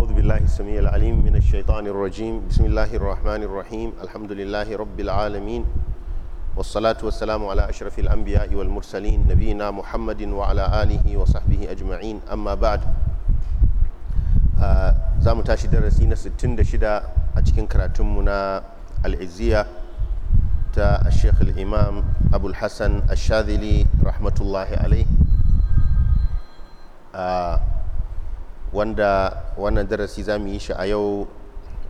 أعوذ بالله السميع العليم من الشيطان الرجيم بسم الله الرحمن الرحيم الحمد لله رب العالمين والصلاة والسلام على أشرف الأنبياء والمرسلين نبينا محمد وعلى آله وصحبه أجمعين أما بعد za mu tashi darasi na 66 a cikin karatunmu na al'izziya ta sheikh al'imam abul hassan ashadili rahmatullahi alai wanda wannan darasi za mu yi shi a yau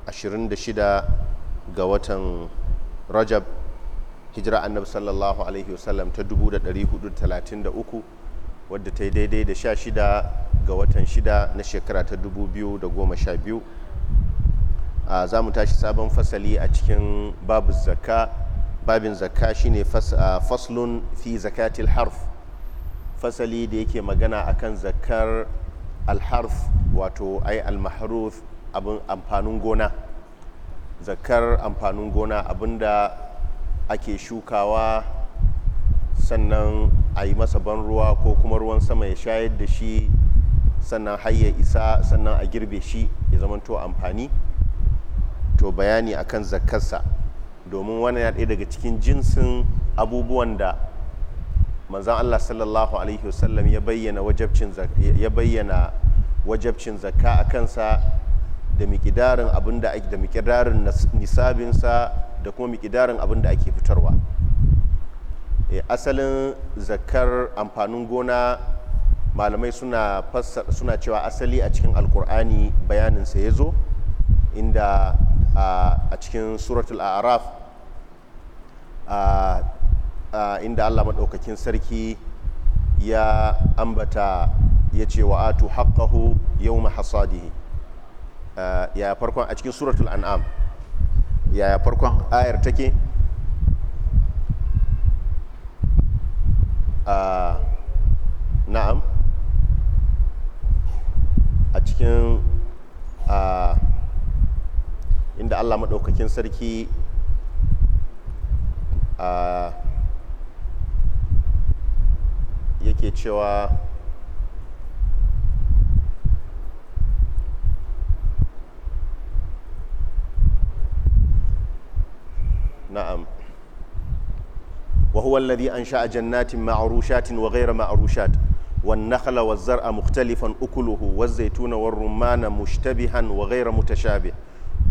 26 ga watan rajab hijira annabi sallallahu alaihi wasallam ta 433 wadda ta yi daidai da 16 ga watan 6 na shekara ta 2012 a za mu tashi sabon fasali a cikin babu zakka babin zakka shine ne uh, faslun fi zakatil harf fasali da yake magana akan zakkar alharf wato ai almaharuf abin amfanin gona zakar amfanin gona da ake shukawa sannan a yi masa ban ruwa ko kuma ruwan sama ya shayar da shi sannan har ya isa sannan a girbe shi ya zamanto amfani to bayani akan zakarsa domin wani ya ɗaya daga cikin jinsin abubuwan da manzan Allah sallallahu alaihi wasallam ya bayyana wajabcin zakka a kansa da mikidarin abin da ake da mikidarin nisabinsa da kuma mikidarin abin da ake fitarwa e, asalin zakkar amfanin gona malamai suna suna cewa asali a cikin alkur'ani bayaninsa ya zo inda a cikin suratul araf inda Allah maɗaukakin sarki ya ambata ya ce wa atu haqqahu yawma hasadihi ya farkon a cikin suratul an'am ya farkon ayar take na'am a cikin inda Allah maɗaukakin sarki a yake cewa na'am وهو الذي أنشأ جنات معروشات وغير معروشات والنخل والزرع مختلفا أكله والزيتون والرمان مشتبها وغير متشابه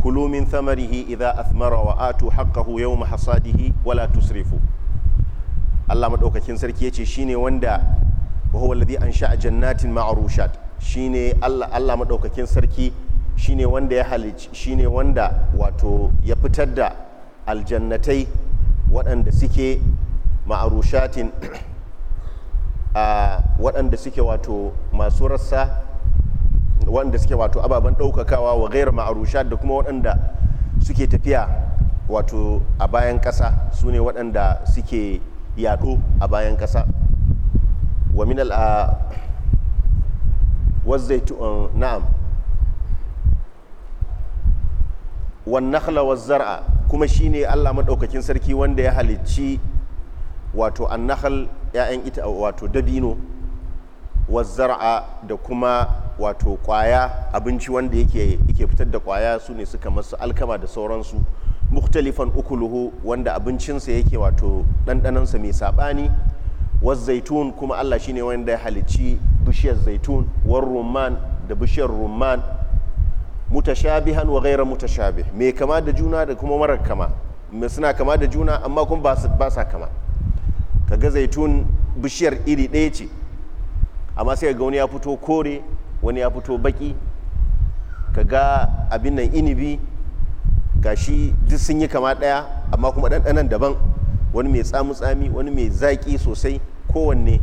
كلوا من ثمره إذا أثمر وآتوا حقه يوم حصاده ولا تسرفوا Allah maɗaukakin sarki ya ce shi ne wanda wa huwa alladhi ansha'a jannatin ma'rushat shi ne Allah madaukakin sarki shi ne wanda ya halici shi ne wanda wato ya fitar da aljannatai waɗanda suke ma'arushatin a waɗanda suke wato masu rassa waɗanda suke wato ababen ɗaukakawa wa gairar ma'arushat da kuma waɗanda suke tafiya wato a bayan ƙasa su ne waɗanda suke yaɗo a bayan ƙasa wa min al ah, wazaitun ah, na'am wan nakhla waz zar'a kuma shine Allah madaukakin sarki wanda ya halicci wato annahal ya'yan ita wato dabino waz zar'a da kuma wato kwaya abinci wanda yake yake fitar da kwaya su ne suka masu alkama da sauransu mukhtalifan ukuluhu wanda abincinsa yake wato ɗanɗanansa mai saɓani zaitun kuma Allah shine wanda ya halici bishiyar zaitun war rumman da bishiyar rumman mutashabihan wa ghayra mutashabih me kama da juna da kuma marar kama me suna kama da juna amma kuma ba sa kama kaga zaitun bishiyar iri ɗaya ce amma sai ga wani ya fito kore wani ya fito baki kaga abin nan inibi gashi duk sun yi kama ɗaya amma kuma ɗanɗanan daban wani mai tsamu-tsami wani mai zaƙi sosai kowanne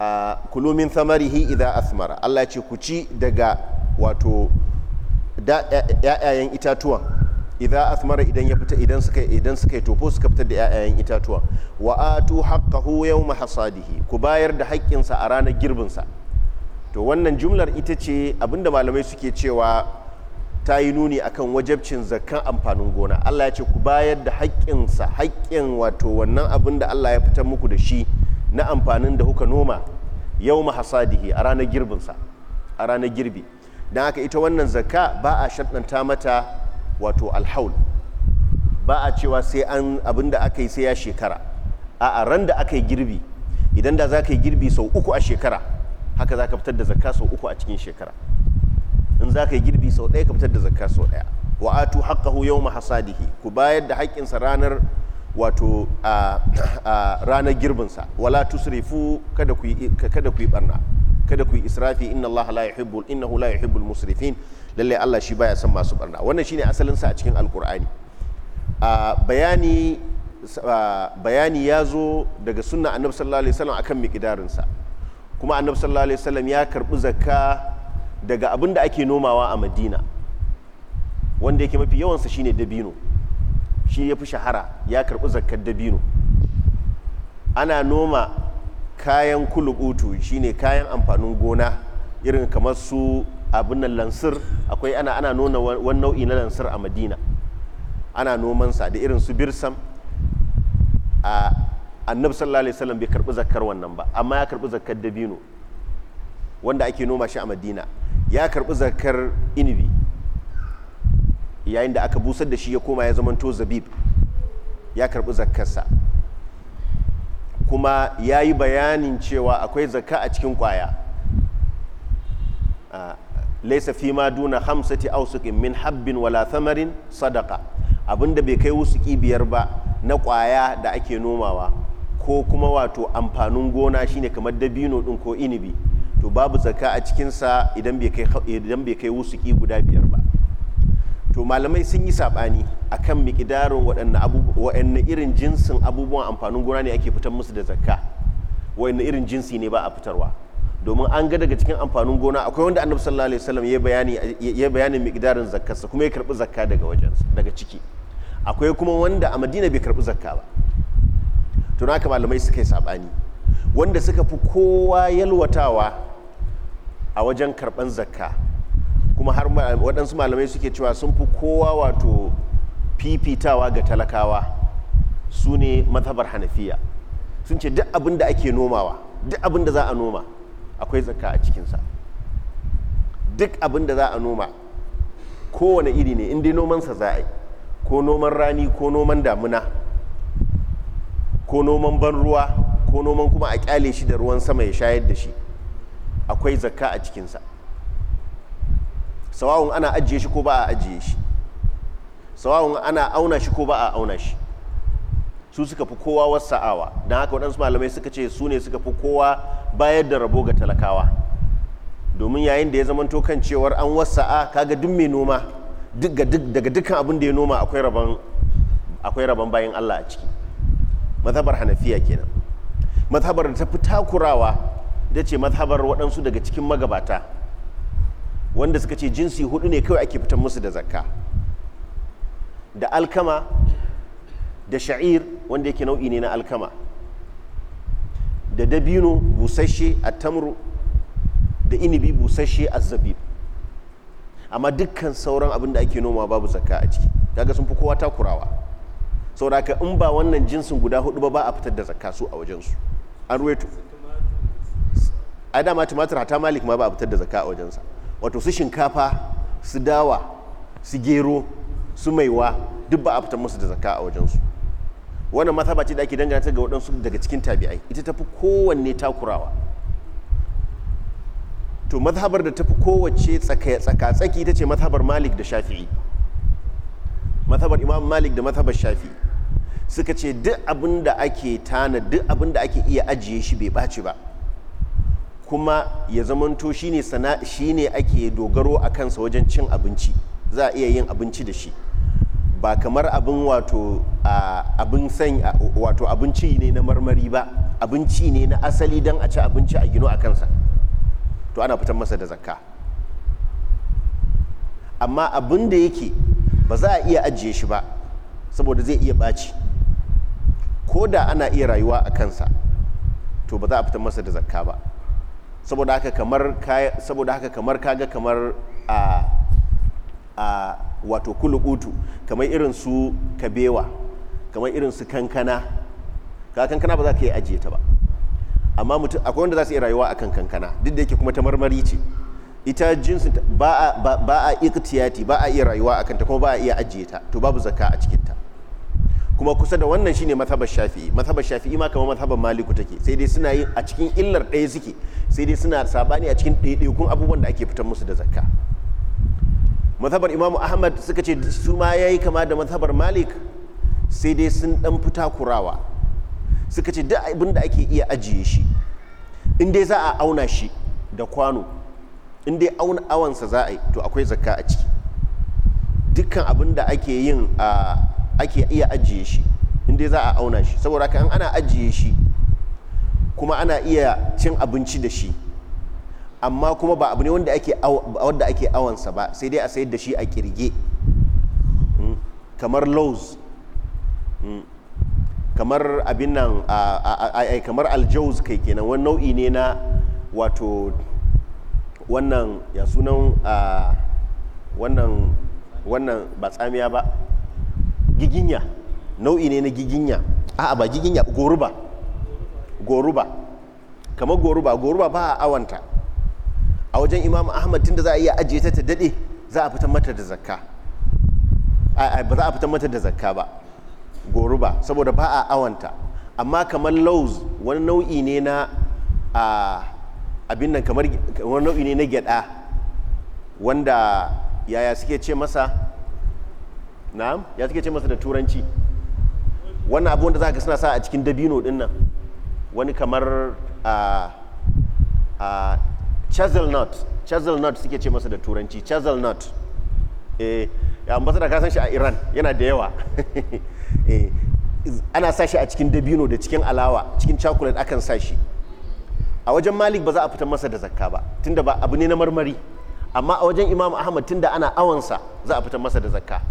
a kulumin samarihi idan asmara Allah ce ku ci daga wato ‘ya'yayen itatuwa idan asmara idan ya fita idan suka idan suka yi tofo suka fitar da ‘ya'yayen itatuwa wa atu haqqahu yawma hasadihi ku bayar da haƙƙinsa a ranar girbinsa to wannan jumlar ita ce abinda malamai suke cewa ta yi nuni akan wajabcin zakkan amfanin gona Allah ya ce ku bayar da haƙƙinsa haƙƙin wato wannan abin da Allah ya fitar muku da shi na amfanin da kuka noma yau hasadihi a ranar girbinsa a ranar girbi don haka ita wannan zakka ba a shaɗanta mata wato alhaul ba a cewa sai an abin da aka yi sai ya shekara a ran da aka yi girbi idan da za ka yi girbi sau uku a shekara haka za ka fitar da zaka sau uku a cikin shekara in za ka yi girbi sau ɗaya ka fitar da zakka sau ɗaya wa atu haqqahu yawma hasadihi ku bayar da haƙƙinsa ranar wato ranar girbinsa wala tusrifu kada ku barna kada ku yi israfi inna Allah la yuhibbul innahu la yuhibbul musrifin lalle Allah shi baya san masu barna wannan shine asalin sa a cikin alkur'ani bayani bayani ya zo daga sunna annabi sallallahu alaihi wasallam akan miqdarin kuma annabi sallallahu alaihi wasallam ya karbi zakka daga abin da ake nomawa a madina wanda yake mafi yawansa shine dabino shi ya fi shahara ya karɓi zakar dabino ana noma kayan kulubutu shine kayan amfanin gona irin kamar su abin nan lansir akwai ana ana nuna wani nau'i na lansir a madina ana nomansa da irin su birsam a annab sallallahu alaihi wasallam bai karɓi zakar wannan ba amma ya karɓi zakar dabino wanda ake noma shi a madina ya karbi zakar inibi yayin da aka busar da shi ya koma ya zamanto zabib ya karbi zakarsa kuma ya yi bayanin cewa akwai zakka a cikin kwaya laisa fi ma duna hamsati ausukin min habbin wala thamarin sadaka abinda bai kai wasu biyar ba na kwaya da ake nomawa ko kuma wato amfanin gona shine kamar dabino din ko inibi to babu zaka a cikinsa idan bai kai wusuki guda biyar ba to malamai sun yi saɓani a kan miƙidarin waɗanne irin jinsin abubuwan amfanin gona ne ake fitar musu da zakka waɗanne irin jinsi ne ba a fitarwa domin an ga daga cikin amfanin gona akwai wanda annabi sallallahu alaihi wasallam ya bayani ya bayanin miƙidarin zakkarsa kuma ya karɓi zakka daga wajen daga ciki akwai kuma wanda a madina bai karɓi zakka ba to naka malamai suka yi saɓani wanda suka fi kowa yalwatawa a wajen karban zakka kuma har waɗansu malamai suke cewa sun fi kowa wato fifitawa ga talakawa su ne mazhabar hanafiya sun ce duk abin da ake nomawa duk abin da za a noma akwai zakka a cikinsa duk abin da za a noma kowane iri ne inda nomansa za a yi ko noman rani ko noman damuna ko noman ban ruwa ko noman kuma a kyale shi da ruwan sama ya shayar da shi akwai zakka a cikinsa sawawun ana ajiye shi ko ba a ajiye shi sawawun ana auna shi ko ba a auna shi su suka fi kowa wasa'awa don haka waɗansu malamai suka ce su ne suka fi kowa bayar da rabo ga talakawa domin yayin da ya zamanto kan cewar an wasa'a kaga duk mai noma daga dukkan abin da ya noma akwai rabon bayan allah a ciki mazhabar hanafiya kenan mazhabar da ta fi takurawa da ce mazhabar waɗansu daga cikin magabata wanda suka ce jinsi hudu ne kawai ake fitan musu da zakka da alkama da sha'ir wanda yake nau'i ne na alkama da dabino busasshe a tamru da inibi busasshe a zabib amma dukkan sauran abin da ake noma babu zakka a ciki kaga sun fi kowa takurawa saboda in ba wannan jinsin guda hudu ba ba a fitar da zakka su a wajensu an ruwaito ai dama tumatir hata malik ma ba a fitar da zaka a wajensa wato su shinkafa su dawa su gero su maiwa duk ba a fitar musu da zakka a wajensu wannan mazhaba ce da ake dangana ta ga waɗansu daga cikin tabi'ai ita tafi kowanne takurawa to mazhabar da tafi kowace tsaka-tsaki ita ce mazhabar malik da shafi'i mazhabar imam malik da mazhabar shafi'i suka ce duk abin da ake tana duk abin da ake iya ajiye shi bai ɓaci ba kuma ya zamanto shine sana ne ake dogaro a kansa wajen cin abinci za a iya yin abinci da shi ba kamar abin wato abin san wato abinci ne na marmari ba abinci ne na asali don a ci abinci a gino a kansa to ana fitar masa da zakka amma abin da yake ba za a iya ajiye shi ba saboda zai iya ɓaci ko da ana iya rayuwa a kansa to ba za a fitar masa da zakka ba saboda haka kamar saboda haka kamar kaga kamar a a wato kulukutu kamar irin su kabewa kamar irin su kankana ka kankana ba za ka yi ajiye ta ba amma mutum akwai wanda za su iya rayuwa akan kankana duk da yake kuma ta marmari ce ita jinsin ba a ba, ba a iktiyati ba a iya rayuwa akan ta kuma ba a iya ajiye ta to babu zakka a cikin ta kuma kusa da wannan shine mazhabar shafi'i mazhabar shafi'i ma kamar mazhabar maliku take sai dai suna yi a cikin illar ɗaya suke sai dai suna sabani a cikin ɗaiɗaikun abubuwan da ake fitar musu da zakka mazhabar imamu ahmad suka ce su ma yi kama da mazhabar malik sai dai sun ɗan fita kurawa suka ce duk abin da ake iya ajiye shi in dai za a auna shi da kwano in dai auna awansa za a yi to akwai zakka a ciki dukkan abin da ake yin a ah, ake iya ajiye shi inda za a auna shi saboda kan ana ajiye shi kuma ana iya cin abinci da shi amma kuma ba abu ne wanda ake wanda awansa ba sai dai a sayar da shi a kirge hmm, kamar lows hmm, kamar abin nan kamar aljauz kai kenan wani nau'i ne na wato wannan ya sunan wannan ba tsamiya ba giginya nau'i ne na giginya a'a ba giginya goruba goruba kamar goruba goruba ba a awanta a wajen imam ahmad tunda za a iya ajiye ta ta dade za a fitar mata da zakka ba za a fitar mata da zakka ba goruba saboda ba a awanta amma kamar lauz wani nau'i ne na abin nan kamar wani nau'i ne na gyada wanda yaya suke ce masa na'am ya suke ce masa da turanci wannan abu wanda za ka suna sa a cikin dabino din nan wani kamar a a chestnut nut suke ce masa da turanci chestnut eh ambassador ka san shi a Iran yana da yawa eh ana sa shi a cikin dabino da cikin alawa cikin chocolate akan sa shi a wajen malik ba za a fitar masa da zakka ba tunda ba abu ne na marmari amma a wajen imam ahmad tunda ana awansa za a fitar masa da zakka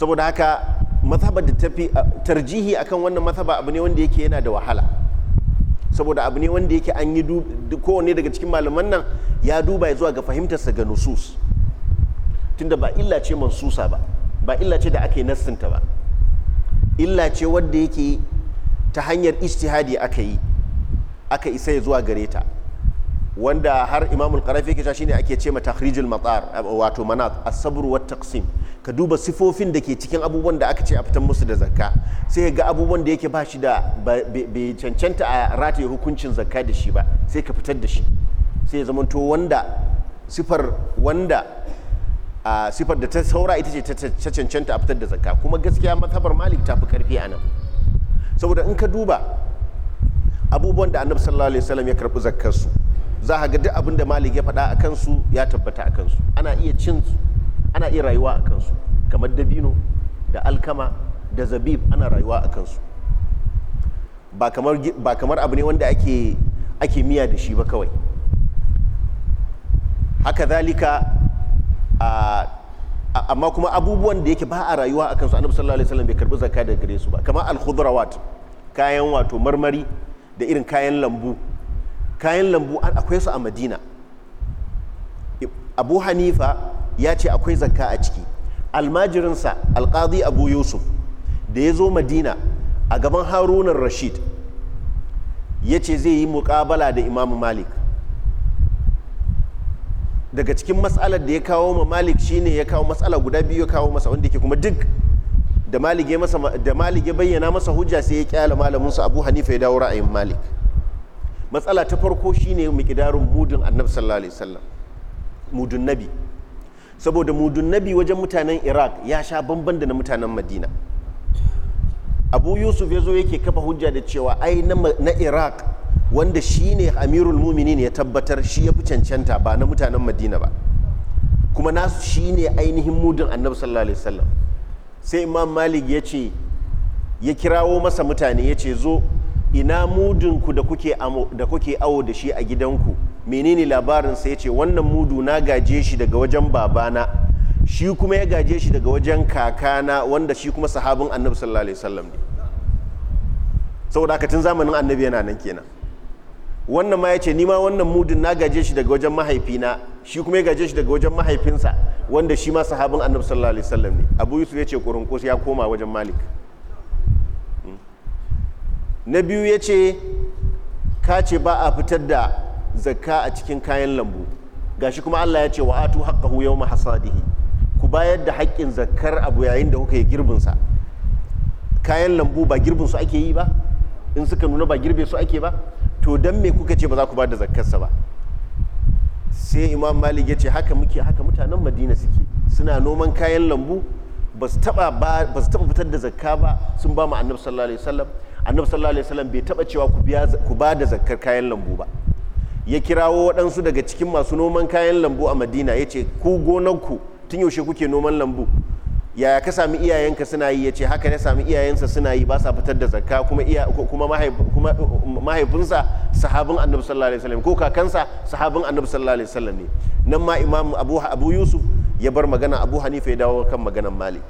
saboda haka mazhabar da tafi tarjihi akan wannan mazhaba abu ne wanda yake yana da wahala saboda abu ne wanda yake an yi kowane daga cikin malaman nan ya duba ya zuwa ga fahimtarsa ga nusus tunda ba illa ce mansusa ba ba illa ce da aka yi nassinta ba illa ce wadda yake ta hanyar ijtihadi aka yi aka isa ya zuwa gare ta wanda har imamul qarafi yake shine ake ce ma takhrijul matar wato manat as-sabr wa taqsim ka duba sifofin da ke cikin abubuwan da aka ce a fitan musu da zakka sai ga abubuwan da yake ba shi da bai cancanta a rataye hukuncin zakka da shi ba sai ka fitar da shi sai ya zamanto wanda sifar wanda a sifar da ta saura ita ce ta cancanta a fitar da zakka kuma gaskiya mazhabar malik ta fi karfi a nan saboda in ka duba abubuwan da annabi sallallahu alaihi wasallam ya karbi zakkar su za ka ga duk abin da malik ya faɗa a kansu ya tabbata a kansu ana iya cin ana iya rayuwa a kansu kamar dabino da alkama da zabib ana rayuwa a kansu ba kamar, ba kamar abu ne wanda ake, ake miya da shi ba kawai haka zalika amma kuma abubuwan da yake ba a rayuwa a kansu annabi sallallahu alaihi wasallam bai karbi zakka daga gare su ba kamar al kayan wato marmari da irin kayan lambu kayan lambu akwai su a madina abu hanifa ya ce akwai zakka a ciki almajirinsa alkazi abu yusuf da ya zo madina a gaban harunan rashid ya ce zai yi muƙabala da imamu malik daga cikin matsalar da ya kawo ma malik shine ya kawo matsala guda biyu ya kawo masa wanda ke kuma duk da malik ya bayyana masa hujja sai ya kyala malaminsa abu hanifa ya dawo ra'ayin malik matsala ta farko shine miqdarun mudun annabi sallallahu alaihi wasallam mudun nabi saboda mudun nabi wajen mutanen iraq ya sha bamban da na mutanen madina abu yusuf ya zo yake kafa hujja da cewa ai na iraq wanda shi ne amirul ne ya tabbatar shi ya fi cancanta ba na mutanen madina ba kuma nasu shi ne ainihin mudun annabi sallallahu alaihi wasallam sai imam malik ya ce ya kirawo masa mutane ya ce zo ina mudinku da kuke da kuke awo da shi a gidanku menene labarin sai ce wannan mudu na gaje shi daga wajen babana shi kuma ya gaje shi daga wajen kakana wanda shi kuma sahabin annabi sallallahu alaihi wasallam ne saboda haka tun zamanin annabi yana nan kenan wannan ma ya ce nima wannan mudun na gaje shi daga wajen mahaifina shi kuma ya gaje shi daga wajen mahaifinsa wanda shi ma sahabin annabi sallallahu alaihi wasallam ne abu yusuf ya ce kurunkus ya koma wajen malik na biyu ya ce ka ce ba a fitar da zakka a cikin kayan lambu gashi kuma allah ya ce wa atu haqqahu yau hasadihi ku bayar da haƙƙin zakkar abu yayin da kuka yi girbinsa kayan lambu ba girbin su ake yi ba in suka nuna ba girbe su ake ba to dan me kuka ce ba za ku ba da zakkarsa ba sai imam malik ya ce haka muke haka mutanen madina suke suna noman kayan lambu ba su taba fitar da zakka ba sun ba mu annabi sallallahu alaihi wasallam annabi sallallahu alaihi wasallam bai taba cewa ku ba da zakkar kayan lambu ba ya kirawo waɗansu daga cikin masu noman kayan lambu a madina ya ce ku gonarku tun yaushe kuke noman lambu yaya ka sami iyayenka suna yi ya ce haka ya sami iyayensa suna yi ba sa fitar da zakka kuma mahaifinsa sahabin annabi sallallahu alaihi wasallam ko kakansa sahabin annabi sallallahu alaihi wasallam ne nan ma imam abu abu yusuf ya bar magana abu hanifa ya dawo kan maganan malik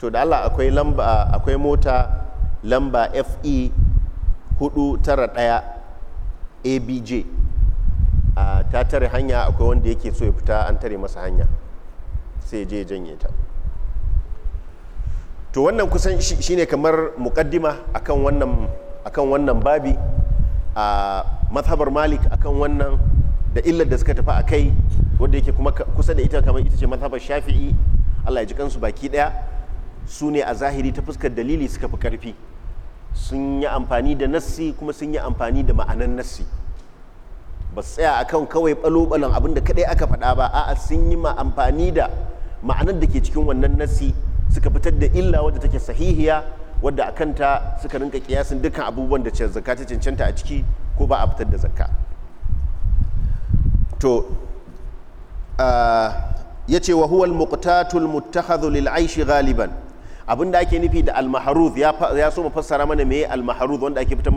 to da Allah akwai lamba akwai mota lamba FE 491 ABJ a ta tare hanya akwai wanda yake so ya fita an tare masa hanya sai je janye ta to wannan kusan shine kamar mukaddima akan wannan akan wannan babi a mazhabar malik akan wannan da illar da suka tafi a kai wadda yake kuma kusa da ita kamar ita ce mazhabar shafi'i allah ya ji kansu baki daya su ne a zahiri ta fuskar dalili suka fi karfi sun yi amfani da nassi kuma sun yi amfani da ma'anan nassi ba su tsaya akan kawai balo-balon abin kadai aka faɗa ba a'a sun yi amfani da ma'anar da ke cikin wannan nassi suka fitar da illa wadda take sahihiya wadda a kanta suka rinka kiyasin dukkan abubuwan da zakka ta cancanta a ciki ko ba a fitar da zakka to ah, ya ce wa huwal muqtatul muttakhadhu lil aishi ghaliban abin da ake nufi da almaharuz ya so mu fassara mana me almaharuz wanda ake fitar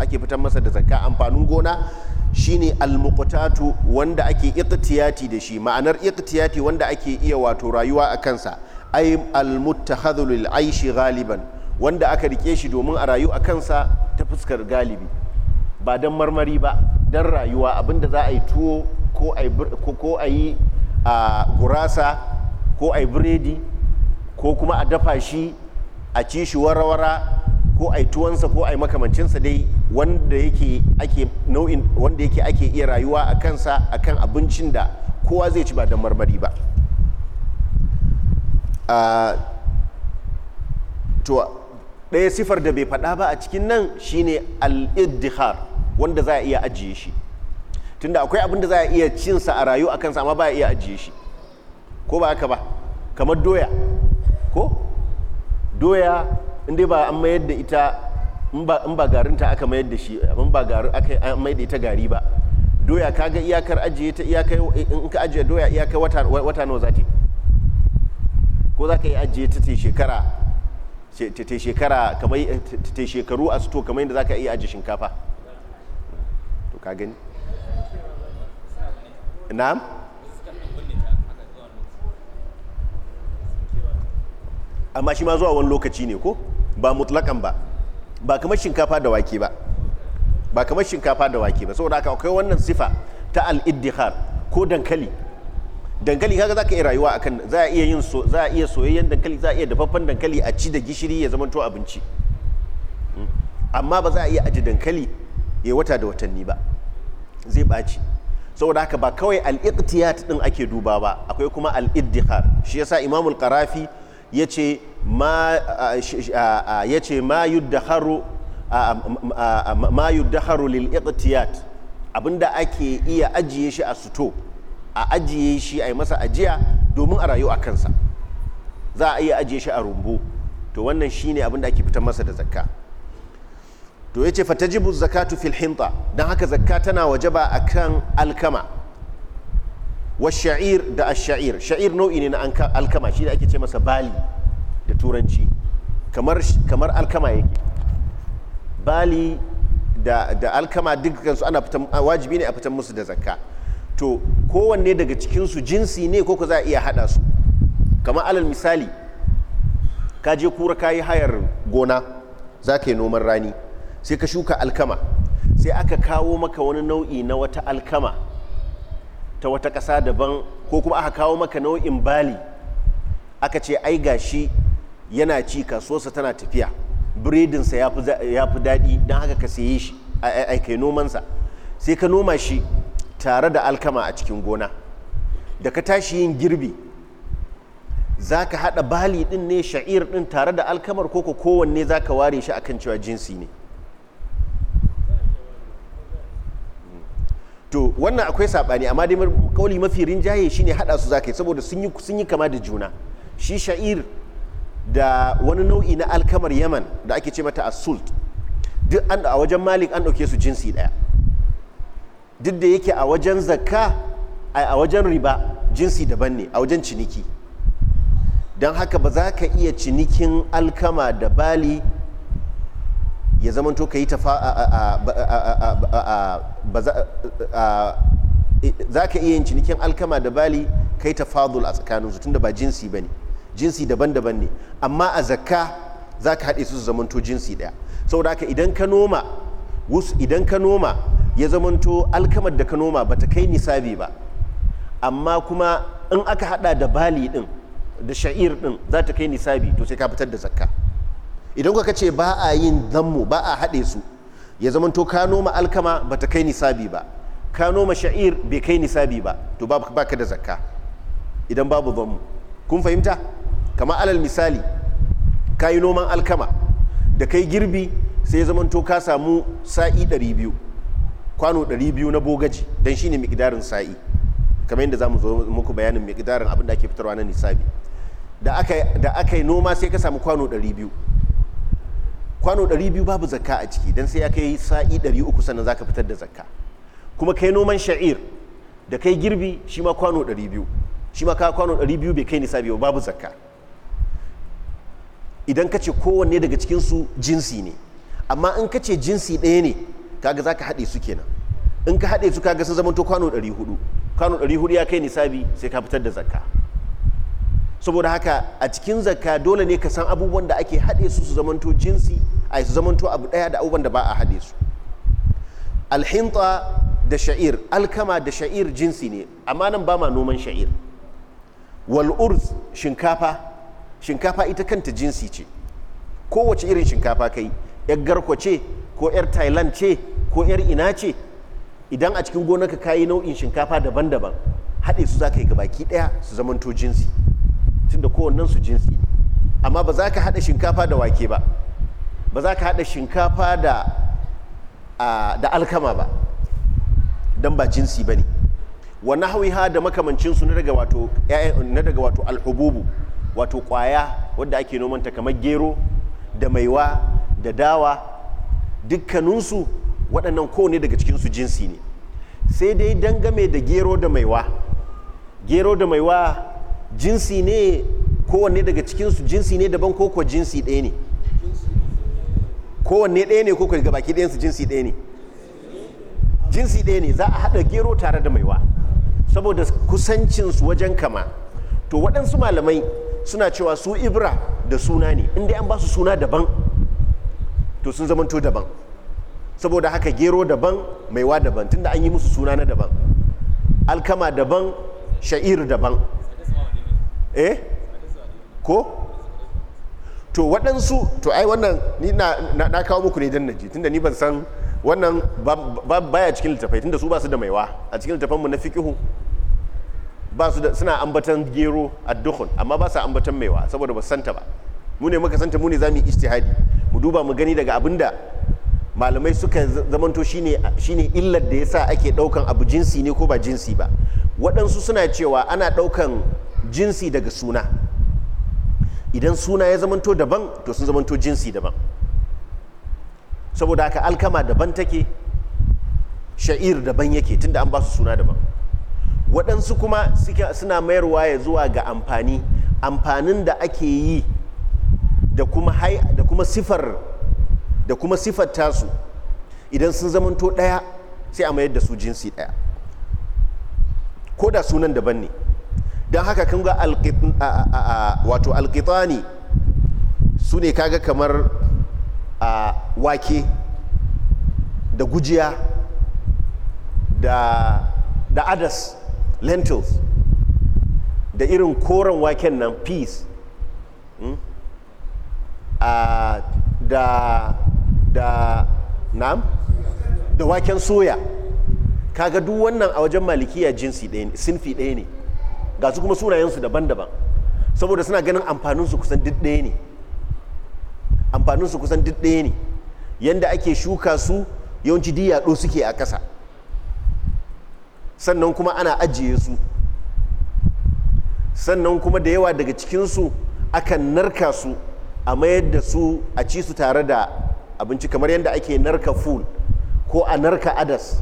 ake fitar masa da zakka amfanin gona shine almuqtatu wanda ake iqtiyati da shi ma'anar iqtiyati wanda ake iya wato rayuwa a kansa ay almuttakhadhu lil aishi galiban wanda aka rike shi domin a rayu a kansa ta fuskar galibi ba dan marmari ba dan rayuwa abinda za a yi tuwo ko a yi gurasa ko a yi biredi ko kuma a dafa shi a ci shi warawara ko a yi tuwansa ko a yi makamancinsa dai wanda yake ake iya rayuwa a kansa a kan abincin da kowa zai ci ba don marmari ba to ɗaya sifar da bai faɗa ba a cikin nan shine al-iddihar wanda za a iya ajiye shi tunda akwai abin da za a iya cinsa a rayu a kansa amma ba a iya ajiye shi ko ba haka ba kamar doya ko doya inda ba an mayar da ita in ba garinta aka mayar da shi in ba garin aka mayar da ita gari ba doya kaga iyakar ajiye ta iyakar in ka ajiye doya iyakar wata nawa za ta ko za ka yi ajiye ta tai shekara tai shekara kamar tai shekaru a sito kamar yadda za ka iya ajiye shinkafa to ka gani na'am amma shi ma zuwa wani lokaci ne ko ba mutlakan ba ba kamar shinkafa da wake ba ba kamar shinkafa da wake ba saboda haka akwai wannan sifa ta al-iddihar ko dankali dankali kaga zaka iya rayuwa akan za a iya yin so za a iya soyayyen dankali za a iya dafaffen dankali a ci da gishiri ya zama to abinci hmm. amma ba za a iya aji dankali ya wata da watanni ba zai ɓaci saboda haka ba kawai al-iqtiyat din ake duba ba akwai kuma al-iddihar shi yasa imamul qarafi ya ce ma yuddakharu lil iqtiyat abinda ake iya ajiye shi a suto a ajiye shi a yi masa ajiya domin a rayu a kansa za a iya ajiye shi a rumbu to wannan shine abinda ake fitar masa da zakka to ya yace fatajibu zakatu fil hinta dan haka zakka tana wajaba akan alkama wa washa'ir da asha'ir sha'ir nau'i ne na alkama shi da ake ce masa bali da turanci kamar kamar alkama yake bali da da alkama dukkan su ana fitan wajibi ne a fitan musu da zakka to kowanne daga cikinsu jinsi ne ko ko za a iya hada su kamar alal misali ka je kura kayi hayar gona za ka yi noman rani sai ka shuka alkama sai aka kawo maka wani nau'i na wata alkama ta wata ƙasa daban ko kuma aka kawo maka nau'in bali aka ce ai gashi yana ci kasuwarsa tana tafiya biredinsa ya fi daɗi don haka ka saye shi ai kai nomansa sai ka noma shi tare da alkama a cikin gona da ka tashi yin girbi za ka haɗa bali ɗin ne sha'ir ɗin tare da alkamar koko kowanne za ka ware shi akan cewa jinsi ne to wannan akwai saɓani amma dai kauli mafi rinjaye shine haɗa su zakai saboda sun yi kama da juna shi sha'ir da wani nau'i na alkamar yaman da ake ce mata asult duk an a wajen malik an ɗauke su jinsi ɗaya duk da yake a wajen zakka a wajen riba jinsi daban ne a wajen ciniki don haka ba za ka iya cinikin alkama da bali ya zamanto ka yi ta za ka iya yin cinikin alkama da bali ka yi fadul a tsakaninsu tunda ba jinsi ba ne jinsi daban-daban ne amma a zakka za ka haɗe su su zamanto jinsi ɗaya saboda haka idan ka noma idan ka noma ya zamanto alkamar da ka noma ba ta kai nisabi ba amma kuma in aka haɗa da bali ɗin da sha'ir ɗin za ta kai nisabi to sai ka fitar da zakka idan kuka ce ba a yin zanmu ba a haɗe su ya zama to ka noma alkama ba ta kai nisabi ba ka noma sha'ir bai kai nisabi ba to ba ka da zakka idan babu zanmu kun fahimta kamar alal misali ka yi noman alkama da kai girbi sai ya to ka samu sa'i 200 kwano 200 na bogaji don shine mikidarin sa'i kamar yadda za zo muku bayanin mikidarin abin da ake fitarwa na nisabi da aka yi noma sai ka samu kwano 200 kwano 200 babu zakka a ciki don sai ya kai sa'i 300 sannan zaka fitar da zakka kuma kai noman sha'ir da kai girbi shi ma kwano 200 shi ma ka kwano 200 bai kai nisabi ba babu zakka idan ka ce kowanne daga cikinsu jinsi ne amma in ka ce jinsi ɗaya ne kaga zaka haɗe su kenan in ka haɗe su kaga sun zamanto kwano 400 kwano 400 ya kai nisabi sai ka fitar da zakka saboda haka a cikin zakka dole ne ka san abubuwan da ake haɗe su su zamanto jinsi a su zamanto abu ɗaya da abubuwan da ba a haɗe su alhinta da sha'ir alkama da sha'ir jinsi ne amma nan ba ma noman sha'ir wal'urz shinkafa shinkafa ita kanta jinsi ce kowace irin shinkafa kai yar garko ce ko yar thailand ce ko yar ina ce idan a cikin gonarka kayi nau'in shinkafa daban-daban haɗe su za ka yi gabaki ɗaya su zamanto jinsi tunda kowannen su jinsi amma ba za ka haɗa shinkafa da wake ba ba za ka haɗa shinkafa da alkama ba don ba jinsi ba ne wa nahwiha da makamancinsu na daga wato wato alhububu wato kwaya wadda ake nomanta kamar gero da maiwa da dawa dukkaninsu waɗannan kowane daga cikinsu jinsi ne sai dai dangame da gero da maiwa gero da maiwa jinsi ne kowanne daga cikinsu jinsi ne daban koko jinsi ɗaya ne kowanne ɗaya ne koko daga baki ɗayansu jinsi ɗaya ne jinsi ɗaya ne za a haɗa gero tare da maiwa saboda kusancinsu wajen kama to waɗansu malamai suna cewa su ibra da suna ne inda an ba su suna daban to sun zamanto daban saboda haka gero daban maiwa daban tunda an yi musu suna na daban alkama daban sha'ir daban eh ko to waɗansu to ai wannan ni na kawo muku ne dan naji tunda ni ban san wannan ba baya cikin littafai tunda su ba su da maiwa a cikin littafan mu na fiqhu ba su da suna ambatan gero addukhun amma ba su ambatan maiwa saboda ba santa ba mu ne muka santa mu ne zamu ijtihadi mu duba mu gani daga abinda malamai suka zamanto shine shine illar da yasa ake daukan abu jinsi ne ko ba jinsi ba waɗansu suna cewa ana daukan jinsi daga suna idan suna ya zamanto daban to sun zamanto jinsi daban saboda haka alkama daban take sha'ir daban yake tunda an ba su suna daban waɗansu kuma suna mayarwa ya zuwa ga amfani amfanin da ake yi da kuma hai da sifar tasu idan sun zamanto ɗaya sai a mayar da su jinsi ɗaya ko da sunan daban ne don haka kan ga wato alkitani su ne kaga kamar a wake da gujiya da adas lentils da irin koren waken nan peas hmm, da da nam da waken soya kaga duk wannan a wajen malikiya jinsi ɗaya ne sinfi ɗaya ne ga su kuma sunayensu daban-daban saboda suna ganin amfaninsu kusan ne amfaninsu kusan ne yadda ake shuka su yawanci diyaɗo suke a ƙasa sannan kuma ana ajiye su sannan kuma da yawa daga cikinsu akan narka su a mayar da su a ci su tare da abinci kamar yadda ake narka fool ko a narka adas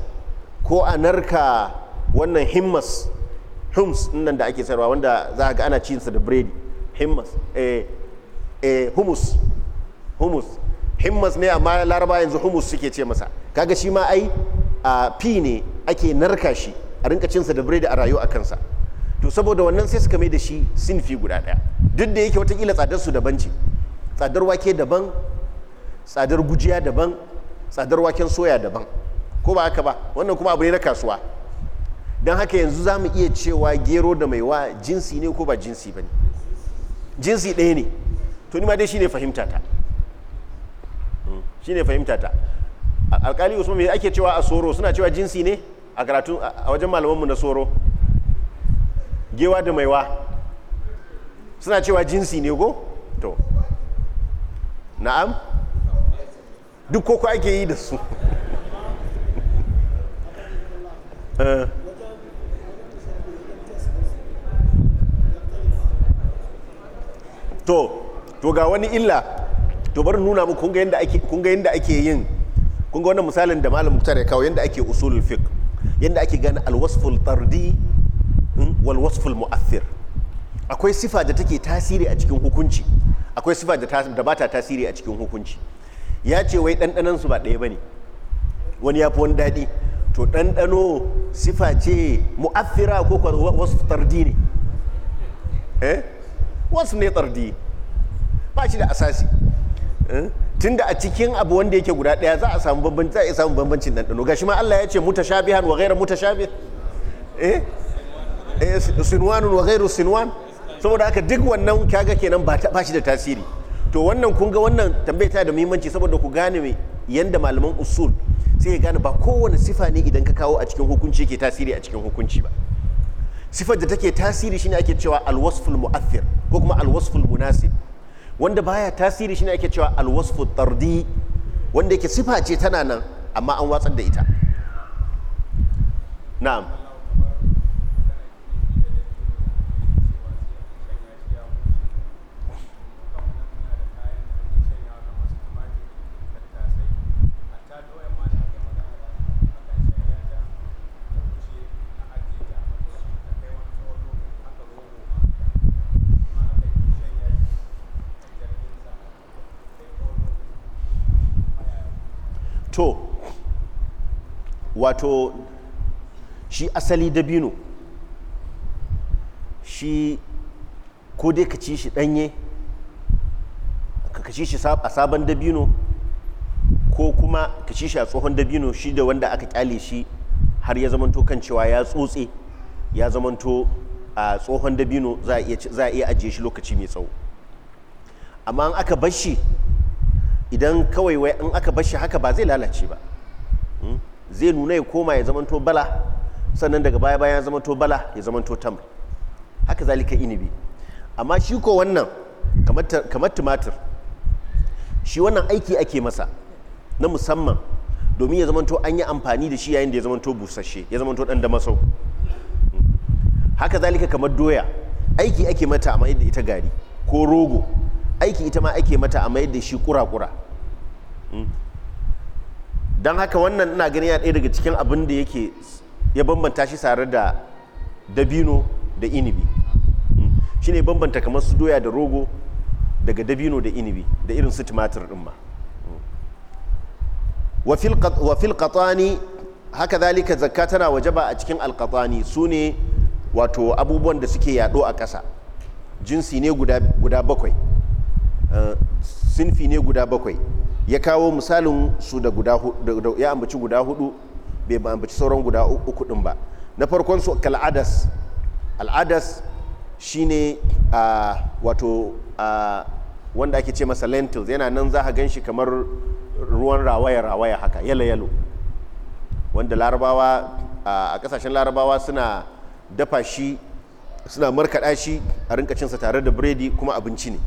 ko a narka wannan himmas hums nan da ake sayarwa wanda za ga ana cinsa da biredi himmas eh eh humus humus ne amma laraba yanzu humus suke ce masa kaga shi ma ai a fi ne ake narka shi a rinka cinsa da biredi a rayu a kansa to saboda wannan sai suka mai da shi sinfi guda daya duk da yake watakila tsadar su daban ce tsadar wake daban tsadar gujiya daban tsadar waken soya daban ko ba haka ba wannan kuma abu ne na kasuwa don haka yanzu za mu iya cewa gero da mai wa jinsi ne ko ba jinsi ba ne jinsi ɗaya ne to ni ma dai shine fahimta ta hmm, shine fahimta ta alkali usman mai ake cewa a soro suna cewa jinsi ne a karatu a wajen malamanmu na soro gewa da maiwa suna cewa jinsi ne ko to na'am duk koko ake yi da su eh. to to ga wani illa to bari nuna muku kunga yadda ake kunga yadda ake yin kunga wannan misalin da malam muktar ya kawo yadda ake usul fiqh yadda ake gane alwasful tardi hmm, wal wasful mu'athir akwai sifa da take tasiri a cikin hukunci akwai sifa da da bata tasiri a cikin hukunci ya ce wai ɗanɗanan su ba daya bane wani ya fi wani daɗi to ɗanɗano sifa ce mu'affira ko wasu tardi ne eh wasu ne tsardi ba shi da asasi eh? tunda a cikin abu wanda yake guda ɗaya za a samu bambanci za a samu dandano gashi ma Allah ya ce mutashabihan wa ghayra mutashabih eh eh sinwanun wa gairar sinwan saboda haka duk wannan kaga kenan ba shi da tasiri to wannan kun ga wannan tambayar da muhimmanci saboda ku gane me yanda malaman usul sai ya gane ba kowane sifa ne idan ka kawo a cikin hukunci ke tasiri a cikin hukunci ba sifar da take tasiri shine ake cewa alwasful mu'athir ko kuma alwasful munasib wanda baya tasiri shine ake cewa alwasful tardi wanda yake sifa ce tana nan amma an watsar da ita na'am to wato shi asali dabino shi ko dai ka ci shi ɗanye ka ci shi a sabon dabino ko kuma ka ci shi a tsohon dabino shi da wanda aka kyale shi har ya zamanto kan cewa ya tsotse ya zamanto a tsohon dabino za a iya ajiye shi lokaci mai tsawo amma an aka bar shi idan kawai wai an aka bashi haka ba zai lalace ba hmm? zai nuna ya koma ya zamanto bala sannan daga baya bayan ya zamanto bala ya zamanto tamar haka zalika inibi amma shi ko wannan kamar tumatir shi wannan aiki ake masa na musamman domin ya zamanto an yi amfani da shi yayin da ya zamanto busasshe ya zamanto dan da masau hmm? haka zalika kamar doya aiki ake mata a mayar da ita gari ko rogo aiki ita ma ake mata a mayar da shi kura-kura don haka wannan ina gani ya ɗaya daga cikin abin da yake ya bambanta shi tare da dabino da inibi shi ne bambanta kamar su doya da rogo daga dabino da inibi da irin su tumatir ɗin ma wa fil qatani haka zalika zakka tana wajaba a cikin alqatani su ne wato abubuwan da suke yaɗo a ƙasa jinsi ne guda bakwai eh, sinfi ne guda bakwai ya kawo misalin su da guda hudu ya ambaci guda hudu bai ambaci sauran guda uku din ba na farkon su kal'adas al'adas shine a wato a wanda ake ce masa lentils yana nan za a gan shi kamar ruwan rawaya rawaya haka yalo yalo wanda larabawa a kasashen larabawa suna dafa shi suna markaɗa shi a rinka cinsa tare da biredi kuma abinci ne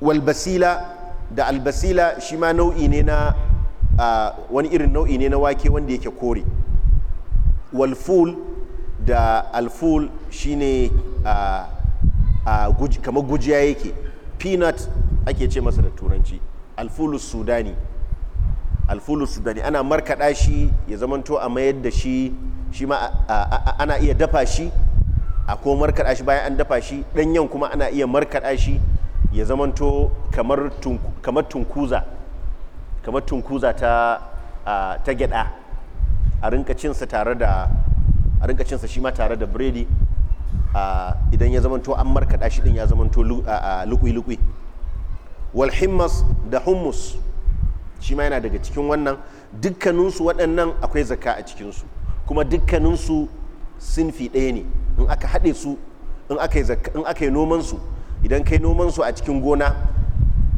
walbasila da albasila shi ma nau'i ne na wani irin nau'i ne na wake wanda yake kore walful da alful shi ne kamar gujiya yake peanut ake ce masa da turanci alfulus sudani alfulus sudani ana markaɗa shi ya zamanto a mayar da shi shi ma ana iya dafa shi a ko markaɗa shi bayan an dafa shi ɗanyen kuma ana iya markaɗa shi ya zamanto kamar kamar tunkuza kamar tunkuza ta ta gyada a rinka cinsa tare da a rinka cinsa shi ma tare da biredi idan ya zamanto an markada shi din ya zamanto lukui-lukui wal himmas da hummus shi ma yana daga cikin wannan dukkaninsu waɗannan akwai zaka a cikinsu kuma dukkaninsu sinfi ɗaya ne in aka haɗe su in aka yi nomansu idan kai noman su a cikin gona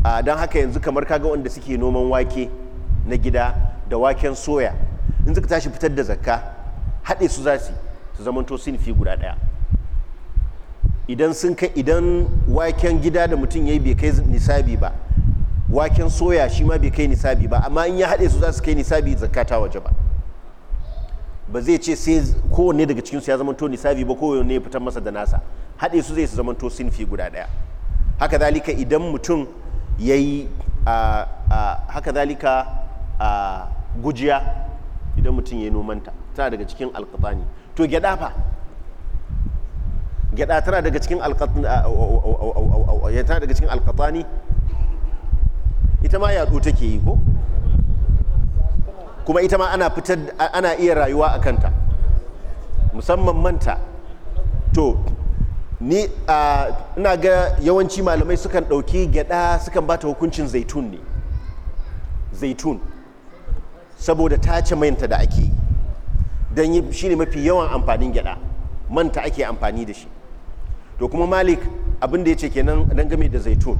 a don haka yanzu kamar kaga wanda suke noman wake na gida da waken soya in suka tashi fitar da zakka haɗe su za su su zamanto sinfi guda ɗaya idan sun kai idan waken gida da mutum ya yi bai kai nisabi ba waken soya shi ma bai kai nisabi ba amma in ya haɗe su za su kai nisabi zakka ta waje ba ba zai ce sai kowanne daga cikinsu ya zamanto nisabi ba kowanne ya fitar masa da nasa haɗe su zai su zama to sinfi guda ɗaya haka zalika idan mutum ya yi haka zalika gujiya idan mutum ya yi nomanta tana daga cikin ne to gyaɗa fa gyaɗa tana daga cikin alƙatani tana daga cikin alƙatani ita ma yaɗo take yi ko kuma ita ma ana fitar ana iya rayuwa a kanta musamman manta to ni ina ga yawanci malamai sukan ɗauki gyada sukan ba ta hukuncin zaitun ne zaitun saboda ta ce manta da ake don shi ne mafi yawan amfanin gyada manta ake amfani da shi to kuma malik abin da ya ce kenan gami da zaitun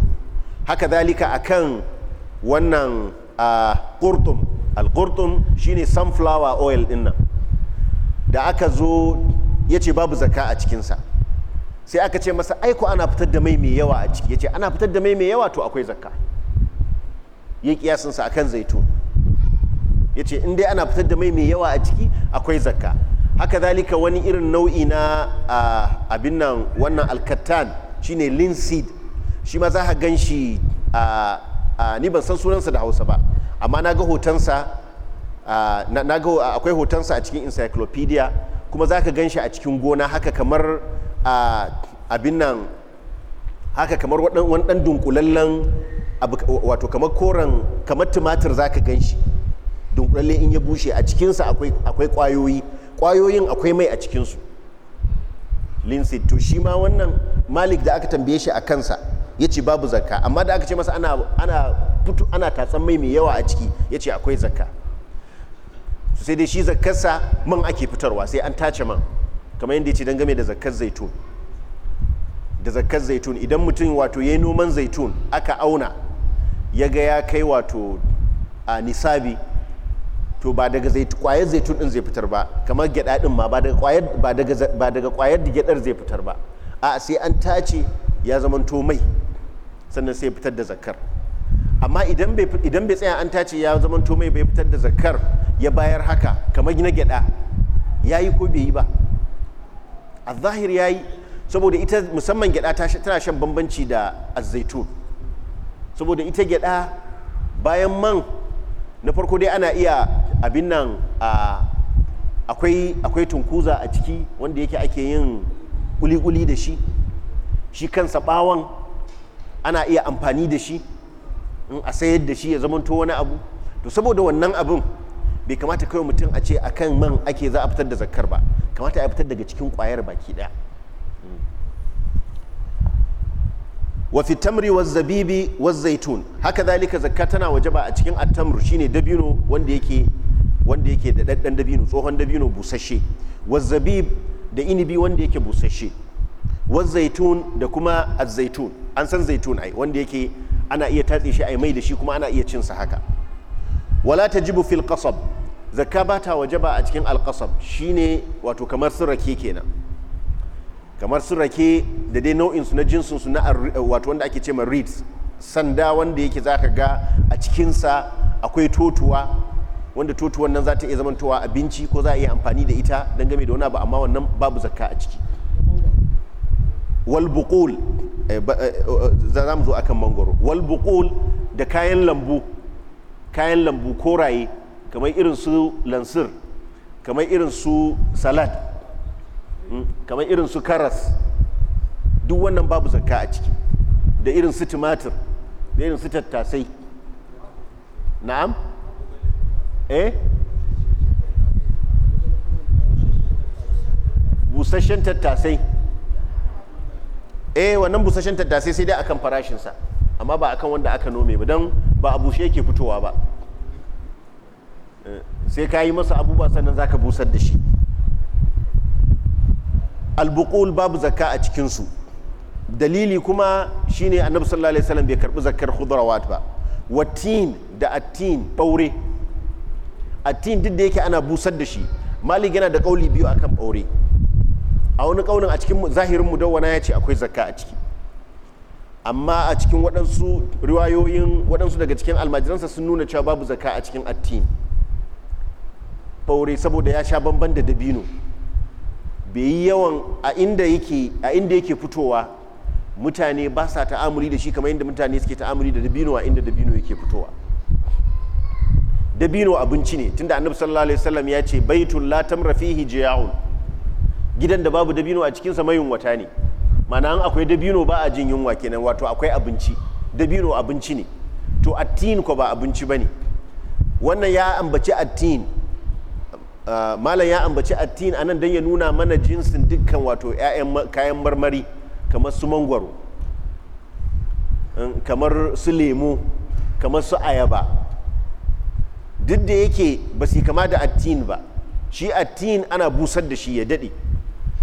haka zalika kan wannan kurtum alkurtum shine sunflower oil nan da aka zo ya ce babu zaka a cikinsa sai aka ce masa aiko ana fitar da mai mai yawa a ciki ya ce ana fitar da mai mai yawa to akwai zakka ya kiyasinsa a kan zaitun ya ce in dai ana fitar da mai mai yawa a ciki akwai zakka haka zalika wani irin nau'i na abin nan wannan alkatan shine linseed shi ma za ka gan shi ni ban san sunansa da hausa ba amma na ga hotonsa akwai hotonsa a cikin encyclopedia kuma za ka gan shi a cikin gona haka kamar a abin nan haka kamar wadannan dunkulallen wato kamar koren kamar tumatir zaka ganshi dunkulalle in ya bushe a cikinsa akwai kwayoyi kwayoyin akwai mai a cikinsu linsid to shi ma wannan malik da aka tambaye shi a kansa ya ce babu zakka amma da aka ce masa ana ana ana tatsan mai mai yawa a ciki ya ce akwai zakka sai dai shi zakkarsa man ake fitarwa sai an tace man kamar yadda ya ce dangane da zakar zaitun da zakar zaitun idan mutum wato ya yi noman zaitun aka auna ya ga ya kai wato a nisabi to ba daga kwayar zaitun din zai fitar ba kamar gyada din ma ba daga kwayar da gyadar zai fitar ba a sai an tace ya zamanto mai sannan sai fitar da zakkar amma idan bai tsaya an tace ya zamanto mai bai fitar da zakkar ya bayar haka kamar na gyada ya yi ko bai yi ba a zahir yayi saboda ita musamman gyada tana shan bambanci da azaitun saboda ita gyada bayan man na farko dai ana iya abin nan akwai akwai tunkuza a ciki wanda yake ake yin kuli-kuli da shi shi kansa bawon ana iya amfani da shi in a sayar da shi ya zamanto wani abu to saboda wannan abin bai kamata kawai mutum a ce akan man ake za a fitar da zakkar ba kamata a fitar daga cikin kwayar baki daya wa fi tamri wa zabibi wa zaitun haka zalika zakka tana waje ba a cikin attamru shine dabino wanda yake wanda yake da daddan dabino tsohon dabino busashe wa zabib da inibi wanda yake busasshe wa zaitun da kuma zaitun an san zaitun ai wanda yake ana iya tatse shi ai mai da shi kuma ana iya cin sa haka wala ta jibu fil kasab zakka ba ta wajaba a cikin shi shine wato kamar su rake kenan kamar su rake da dai nau'in su na jinsin su na wato wanda ake ce ma reeds sanda wanda yake zaka ga a cikinsa akwai totuwa wanda totuwan nan za ta iya zamantowa abinci ko za a iya amfani da ita don game da wani abu amma wannan babu zakka a ciki eh, eh, eh, za mu zo akan walbukul da kayan lambu kayan lambu koraye kamar irin su lansir kamar irin su salad hmm, kamar irin su karas duk wannan babu zakka a ciki da irin su tumatir da irin su tattasai na'am eh busasshen tattasai eh wannan busasshen tattasai sai dai akan farashinsa amma ba akan wanda aka nome ba don ba a bushe yake fitowa ba eh, sai ka yi masa abubuwa sannan za ka busar da shi albukul babu zakka a cikinsu dalili kuma shine annabi sallallahu alaihi wasallam bai karbi zakkar khudrawat ba watin da atin ɓaure atin duk da yake ana busar da shi malik yana da kauli biyu akan ɓaure a wani kaulin a cikin zahirin mudawwana ya ce akwai zakka a ciki amma a cikin waɗansu riwayoyin waɗansu daga cikin almajiransa sun nuna cewa babu zaka a cikin attin ɓaure saboda ya sha bamban da dabino bai yi yawan a inda yake fitowa mutane ba sa ta'amuri da shi kamar yadda mutane suke ta'amuri da dabino a inda dabino yake fitowa dabino abinci ne tunda annabi sallallahu alaihi wasallam ya ce baitul la tamra fihi jiyaun gidan da babu dabino a cikin sa wata ne mana an akwai dabino ba a jin yunwa kenan wato akwai abinci dabino abinci ne to attin ko ba abinci ba ne wannan ya ambaci attin ah, malam ya ambaci attin a nan don ya nuna mana jinsin dukkan wato 'ya'yan kayan marmari kamar su mangwaro eh, kamar su lemu kamar su ayaba duk da yake ba su kama da attin ba shi attin ana busar da shi ya daɗe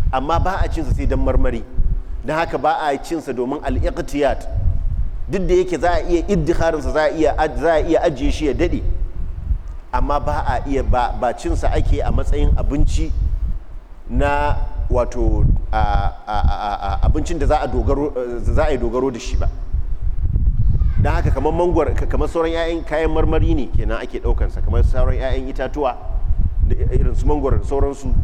amma ba a cinsa sai don marmari don haka ba a cinsa domin al'iqtiyat duk da yake za a iya iddiharinsa za a iya ajiye shi ya daɗe amma ba a iya ba cinsa ake a matsayin abinci na wato abincin da za a dogaro da shi ba don haka kamar mangwar kamar sauran 'ya'yan kayan marmari ne kenan ake ɗaukansa kamar sauran 'ya'yan itatuwa da irin su mangwar sauransu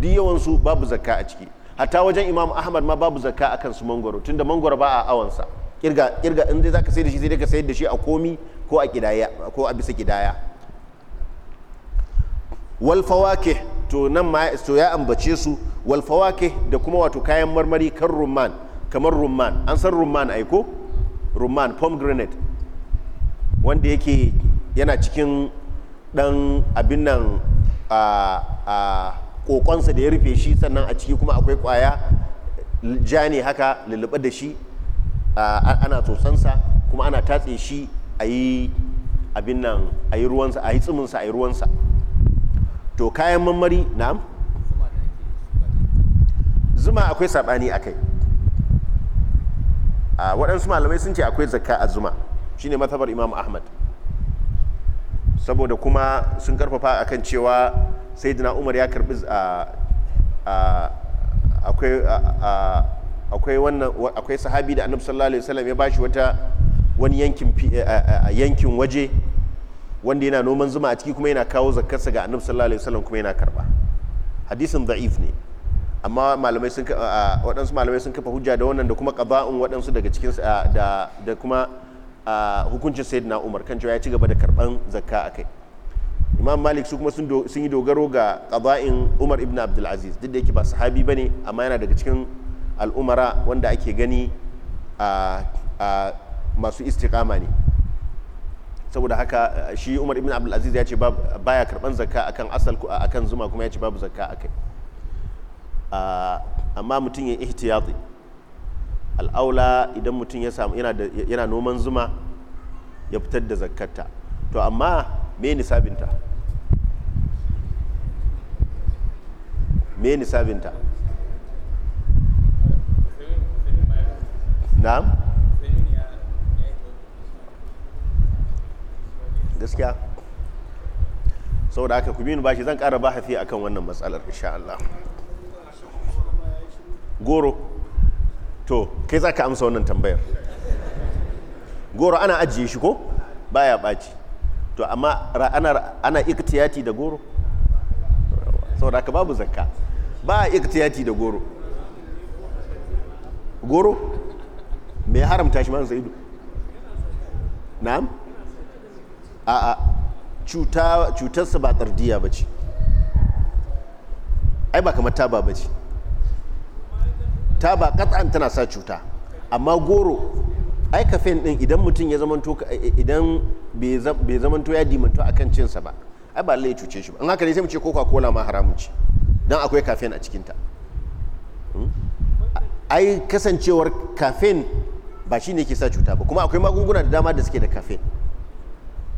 duk yawansu babu zakka a ciki hatta wajen imam ahmad ma babu zakka akan su mangoro tunda mangoro ba a awansa kirga kirga in dai zaka sayar da shi sai dai ka sayar da shi a komi ko a kidaya ko a bisa kidaya wal fawakih to nan ma to ya ambace su wal fawakih da kuma wato kayan marmari kan rumman kamar rumman an san rumman ai ko rumman pomegranate wanda yake yana cikin dan abin nan a kokonsa da ya rufe shi sannan a ciki kuma akwai kwaya ja ne haka lullube da shi ana tsotsansa kuma ana tatse shi a yi abin nan a yi ruwansa a yi tsiminsa a yi ruwansa to kayan mammari na. zuma akwai saɓani a kai waɗansu malamai sun ce akwai zakka a zuma shine matabar imam ahmad saboda kuma sun karfafa akan cewa sayyidina umar ya karbi akwai akwai wannan akwai sahabi da annabi sallallahu alaihi wasallam ya bashi wata wani yankin yankin waje wanda yana noman zuma a ciki kuma yana kawo zakkarsa ga annabi sallallahu alaihi wasallam kuma yana karba hadisin da'if ne amma malamai sun waɗansu malamai sun kafa hujja da wannan da kuma ƙaba'un waɗansu daga cikin da da kuma hukuncin sayyidina Umar kan cewa ya ci gaba da karban zakka akai imam malik su kuma sun yi dogaro ga ƙaba'in umar ibn abdulaziz duk da yake ba sahabi bane amma yana daga cikin al'umara wanda ake gani a masu istiqama ne saboda haka eh, shi umar ibn abdulaziz ya ce baya karban zakka akan asal akan zuma kuma ya ce babu zakka akai amma mutum ya ihtiyati al'aula idan mutum ya samu yana noman zuma ya fitar da zakkarta to amma me nisabinta me sabinta na'am gaskiya saboda haka ku binu bashi zan ƙara bahafi akan wannan matsalar insha Allah goro to kai za ka amsa wannan tambayar goro ana ajiye shi ko baya ɓaci to amma ana ikitiyati da goro saboda haka babu zakka ba a iktiyati da goro goro mai haramta shi man sa'idu na'am a a cutarsa ba tsardiya ba ce ai ba kamar taba ba ce taba katsan tana sa cuta amma goro ai kafin din idan mutum ya zamanto eh, idan bai zamanto ya dimanto kan cinsa ba ai ba lai cuce shi ba an haka ne sai mu ce coca cola ma haramun ce don akwai caffeine a cikinta hmm? ai kasancewar caffeine ba shi ne ke sa cuta ba kuma akwai magunguna da dama da suke da caffeine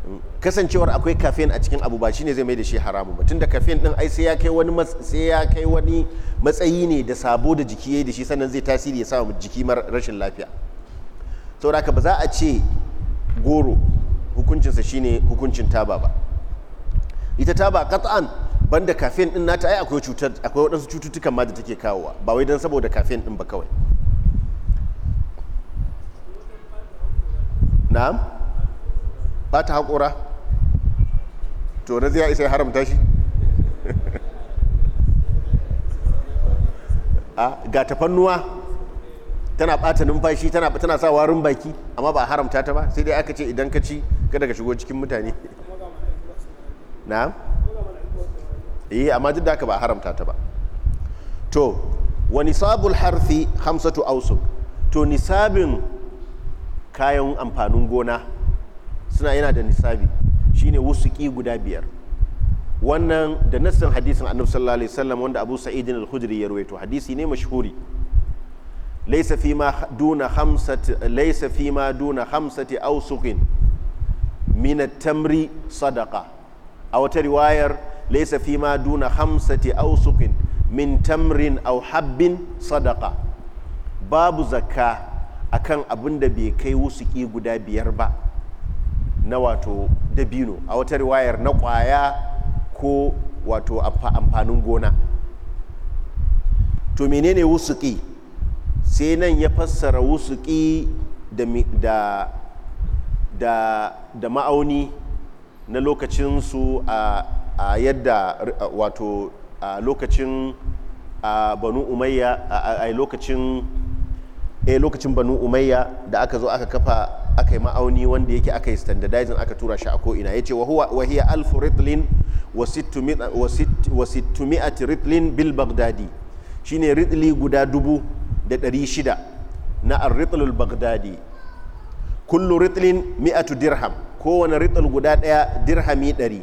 hmm? kasancewar akwai caffeine a cikin abu ba shi ne zai mai da shi haramu ba tunda caffeine din ai sai ya kai wani matsayi ne da sabo da jiki yayi da shi sannan zai tasiri ya sa jiki mara rashin lafiya saboda ka ba za a ce goro hukuncinsa shine hukuncin taba ba ita taba kat'an banda caffeine din nata ai akwai cutar akwai waɗansu cututtukan ma da take kawowa ba wai don saboda caffeine din ba kawai na'am ba ta haƙura to na zai isa haramta shi a ga fannuwa tana ɓata numfashi tana tana sa warin baki amma ba haramta ta ba sai dai aka ce idan ka ci kada ka shigo cikin mutane na'am eh amma duk da haka ba haramta ta ba to wa nisabul harfi hamsatu ausuk to nisabin kayan amfanin gona suna yana da nisabi shine wusuki guda biyar wannan da nassin hadisin annabi sallallahu alaihi wasallam wanda Abu Sa'id al ya rawaito hadisi ne mashuri laysa fi ma duna hamsati laysa fi min tamri sadaka a wata riwayar laysa fi ma duna hamsati awsuqin min tamrin aw habbin sadaqa babu zakka akan abin da bai kai wusuki guda biyar ba na wato dabino a wata riwayar na kwaya ko wato amfanin gona to menene wusuki sai nan ya fassara wusuki da, da ma'auni na lokacinsu a a yadda wato a lokacin banu umayya a lokacin a eh, lokacin banu umayya da aka zo aka kafa aka yi ma'auni wanda yake aka yi standardizing aka tura shi a ko'ina ya ce wa hiya alfu ritlin wa ti ritlin bil bagdadi shi ne ritli guda dubu da ɗari shida na arritlul bagdadi kullu ritlin mi'atu dirham kowane ritl guda ɗaya dirhami ɗari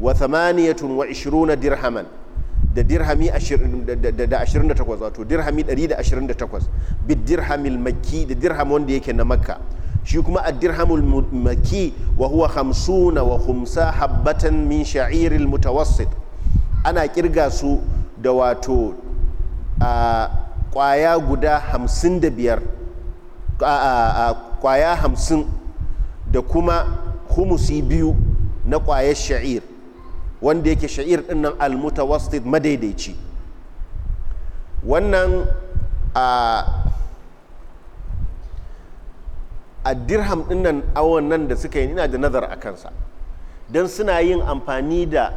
wa thamaniyatun wa ishiruna dirhaman da dirhami da takwas wato dirhami takwas bid dirhamil makki da dirham wanda yake na makka shi kuma a dirhamul makki wa huwa hamsuna wa humsa habbatan min sha'iril mutawassit ana kirga su da wato a kwaya guda hamsin da biyar kwaya hamsin da kuma humusi biyu na kwayar sha'ir wanda yake sha'ir din nan almutawassit madaidaici wannan a a dirham din nan awon nan da suka yi ina da nazar a kansa don suna yin amfani da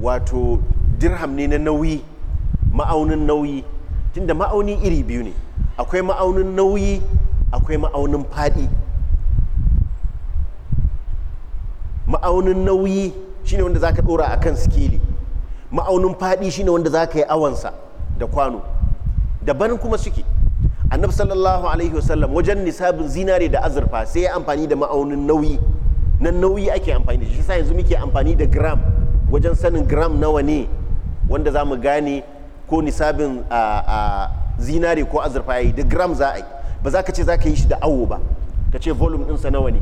wato dirham ne na nauyi ma'aunin nauyi tunda ma'auni iri biyu ne akwai ma'aunin nauyi akwai ma'aunin faɗi ma'aunin nauyi shine wanda zaka dora akan sikili ma'aunin faɗi shine wanda zaka yi awansa da kwano daban kuma suke annabi sallallahu alaihi wasallam wajen nisabin zinare da azurfa sai ya amfani da ma'aunin nauyi nan nauyi ake amfani da shi sai yanzu muke amfani da gram wajen sanin gram nawa ne wanda za mu gane ko nisabin a zinare ko azurfa yayi da gram za a yi ba za ka ce za ka yi shi da awo ba ka ce volume ɗinsa nawa ne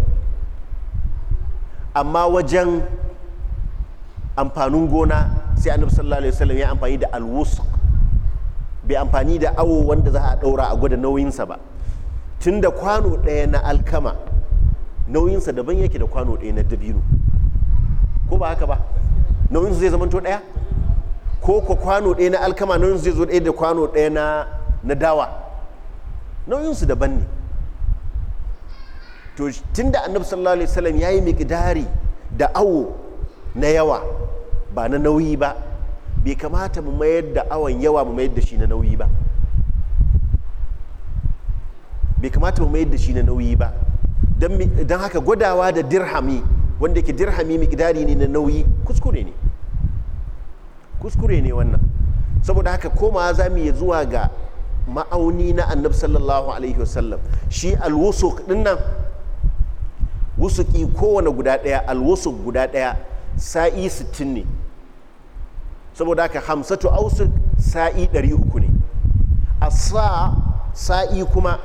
amma wajen amfanin gona sai annabi sallallahu alaihi wasallam ya amfani da alwusq bai amfani da awo wanda za a daura a gwada nauyinsa ba tunda kwano ɗaya na alkama nauyinsa daban yake da kwano ɗaya na dabino ko ba haka ba nauyinsa zai zamanto ɗaya ko ko kwano ɗaya na alkama nauyinsa zai zo ɗaya da kwano ɗaya na na dawa nauyinsu daban ne to tunda annabi sallallahu alaihi wasallam yayi miqdari da awo na yawa ba na nauyi ba bai kamata mu mayar da awon yawa mu mayar da shi na nauyi ba bai kamata mu mayar da shi na nauyi ba don haka gwadawa da dirhami wanda ke dirhami mikidari ne na nauyi kuskure ne kuskure ne wannan saboda haka koma za mu yi zuwa ga ma'auni na annab sallallahu alaihi wasallam shi alwusuk dinnan wusuki kowane guda ɗaya alwusuk guda ɗaya sa'i sittin ne saboda haka hamsatu ausuk sa'i 300 ne a sa sa'i kuma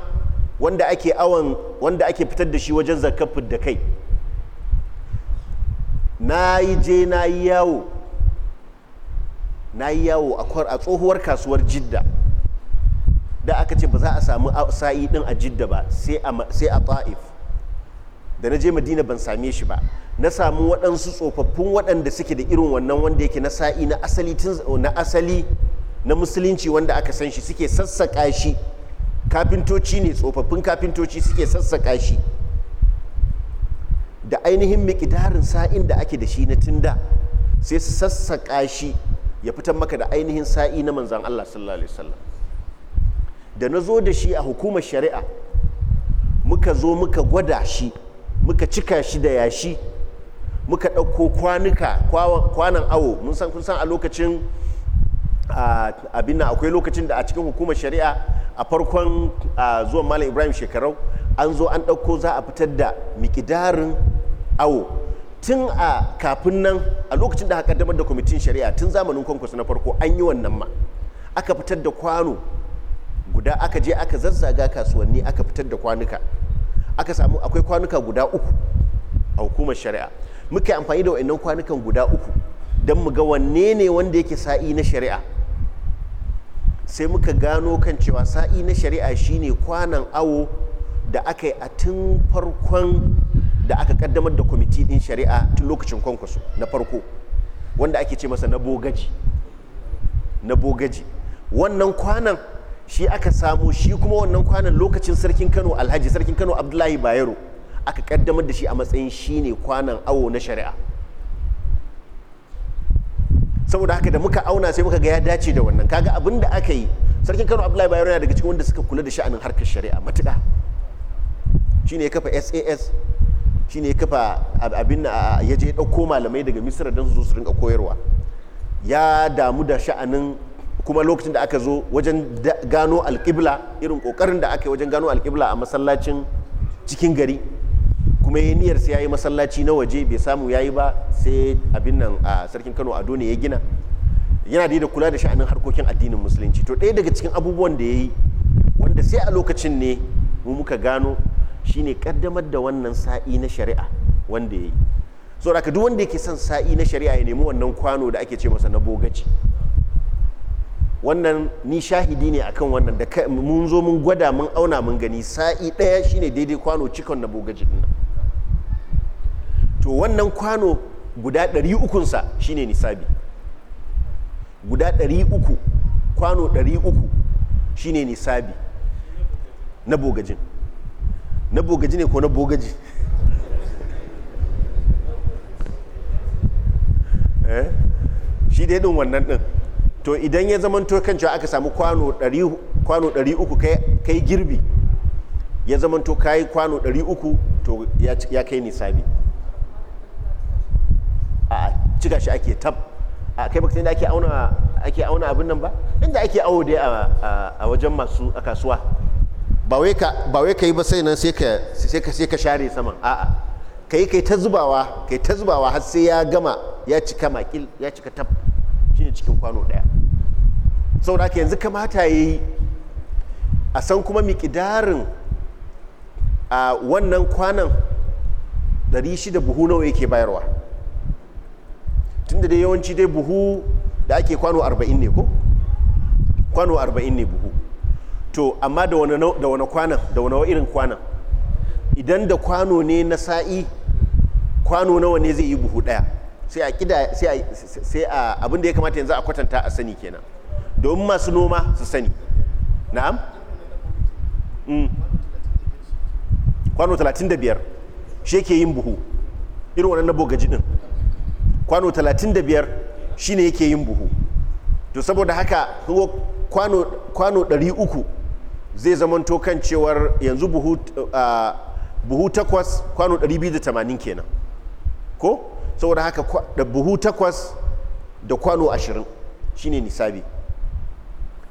wanda ake awon wanda ake fitar da shi wajen zakafin da kai na yi je na yi yawo na yi yawo a tsohuwar kasuwar jidda da aka ce ba za a samu sa'i din a jidda ba sai a ta'if da na je madina ban same shi ba na samu waɗansu tsofaffin waɗanda suke da irin wannan wanda yake na sa'i na asali na asali na musulunci wanda aka san shi suke sassaƙa shi kafintoci ne tsofaffin kafintoci suke sassaƙa shi da ainihin mikidarin sa'in da ake da shi na tunda sai su sassaƙa shi ya fitar maka da ainihin sa'i na manzan Allah sallallahu alaihi wasallam da na zo da shi a hukumar shari'a muka zo muka gwada shi muka cika shi da yashi muka ɗauko kwanuka kwanan awo mun san kun san a lokacin abin nan akwai lokacin da a cikin hukumar shari'a a farkon zuwan malam ibrahim shekarau an zo an ɗauko za a fitar da mikidarin awo tun a kafin nan a lokacin da aka damar da kwamitin shari'a tun zamanin kwankwasa na farko an yi wannan ma aka fitar da kwano guda aka je aka zazzaga kasuwanni aka fitar da kwanuka aka samu akwai kwanuka guda uku a hukumar shari'a muka amfani da wa'annan kwanukan guda uku don mu ga wanne ne wanda yake sa'i na shari'a sai muka gano kan cewa sa'i na shari'a shine kwanan awo da aka yi a tun farkon da aka kaddamar da kwamiti din shari'a tun lokacin kwankwaso na farko wanda ake ce masa na bogaji wannan kwanan shi aka samu shi kuma wannan kwanan lokacin sarkin kano alhaji sarkin kano abdullahi bayero aka kaddamar da shi a matsayin shi ne kwanan awo na shari'a saboda haka da muka auna sai muka ga ya dace da wannan kaga abin da aka yi sarkin kano abdullahi bayero yana daga cikin wanda suka kula da sha'anin harkar shari'a matuƙa shine ya kafa sas shine ya kafa abin ya je ɗauko malamai daga misira don su zo su rinka koyarwa ya damu da sha'anin kuma lokacin da aka zo wajen gano alƙibla irin ƙoƙarin da aka yi wajen gano alƙibla a masallacin cikin gari kuma ya niyyar sai ya yi masallaci na waje bai samu ya yi ba sai abin nan a sarkin kano ado ne ya gina yana da da kula da sha'anin harkokin addinin musulunci to ɗaya daga cikin abubuwan da ya yi wanda sai a lokacin ne mu muka gano shine kaddamar da wannan sa'i na shari'a wanda ya yi so da duk wanda yake son sa'i na shari'a ya nemi wannan kwano da ake ce masa na bogaci wannan ni shahidi ne akan wannan da mun zo mun gwada mun auna mun gani sa'i ɗaya shine daidai kwano cikon na bogaji din to wannan kwano guda ɗari ukunsa shine nisabi guda ɗari uku kwano ɗari uku shine nisabi na bogajin na bogaji ne ko na bogaji eh shi dai ɗin wannan ɗin. to idan ya zamanto kan cewa aka samu kwano 300 kai girbi ya to kayi kwano 300 to ya kai nisabi a cika shi ake tab a kai baka da ake auna ake auna abin nan ba inda ake awo dai a wajen masu a kasuwa ba wai ka yi ba sai nan sai ka sai ka share saman a'a kai kai ta zubawa kai ta zubawa har sai ya gama ya cika makil ya cika tab shine cikin kwano ɗaya saboda haka yanzu kamata ya yi a san kuma miƙidarin a wannan kwanan 600 buhu nawa yake bayarwa tunda dai yawanci dai buhu da ake kwano 40 ne ko kwano 40 ne buhu to amma da wani kwanan da wani irin kwanan idan da kwano ne na sa'i kwano nawa ne zai yi buhu ɗaya sai a kida sai a abin da ya kamata yanzu a kwatanta a sani kenan domin masu noma su sani na'am mm. kwano 35 shi ke yin buhu irin wannan na bogaji din kwano 35 shi ne yake yin buhu to saboda haka kwano 300 zai zamanto kan cewar yanzu buhu ah, buhu takwas kwano 280 kenan ko saboda haka da buhu takwas da kwano ashirin shine nisabi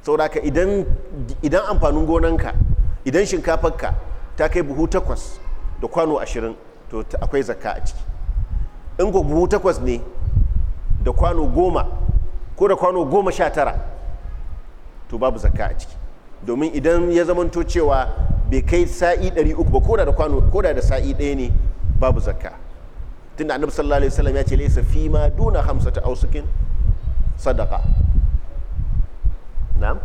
saboda haka idan amfanin gonanka idan shinkafarka ta kai buhu takwas da kwano ashirin to akwai zakka a ciki in ko buhu takwas ne da kwano goma ko da kwano goma sha tara to babu zakka a ciki domin idan ya zamanto cewa bai kai sa'i 300 ba ko da da sa'i ɗaya ne babu zakka tunda annabi sallallahu alaihi wasallam ya ce laysa fi ma duna khamsata ausukin sadaqa na'am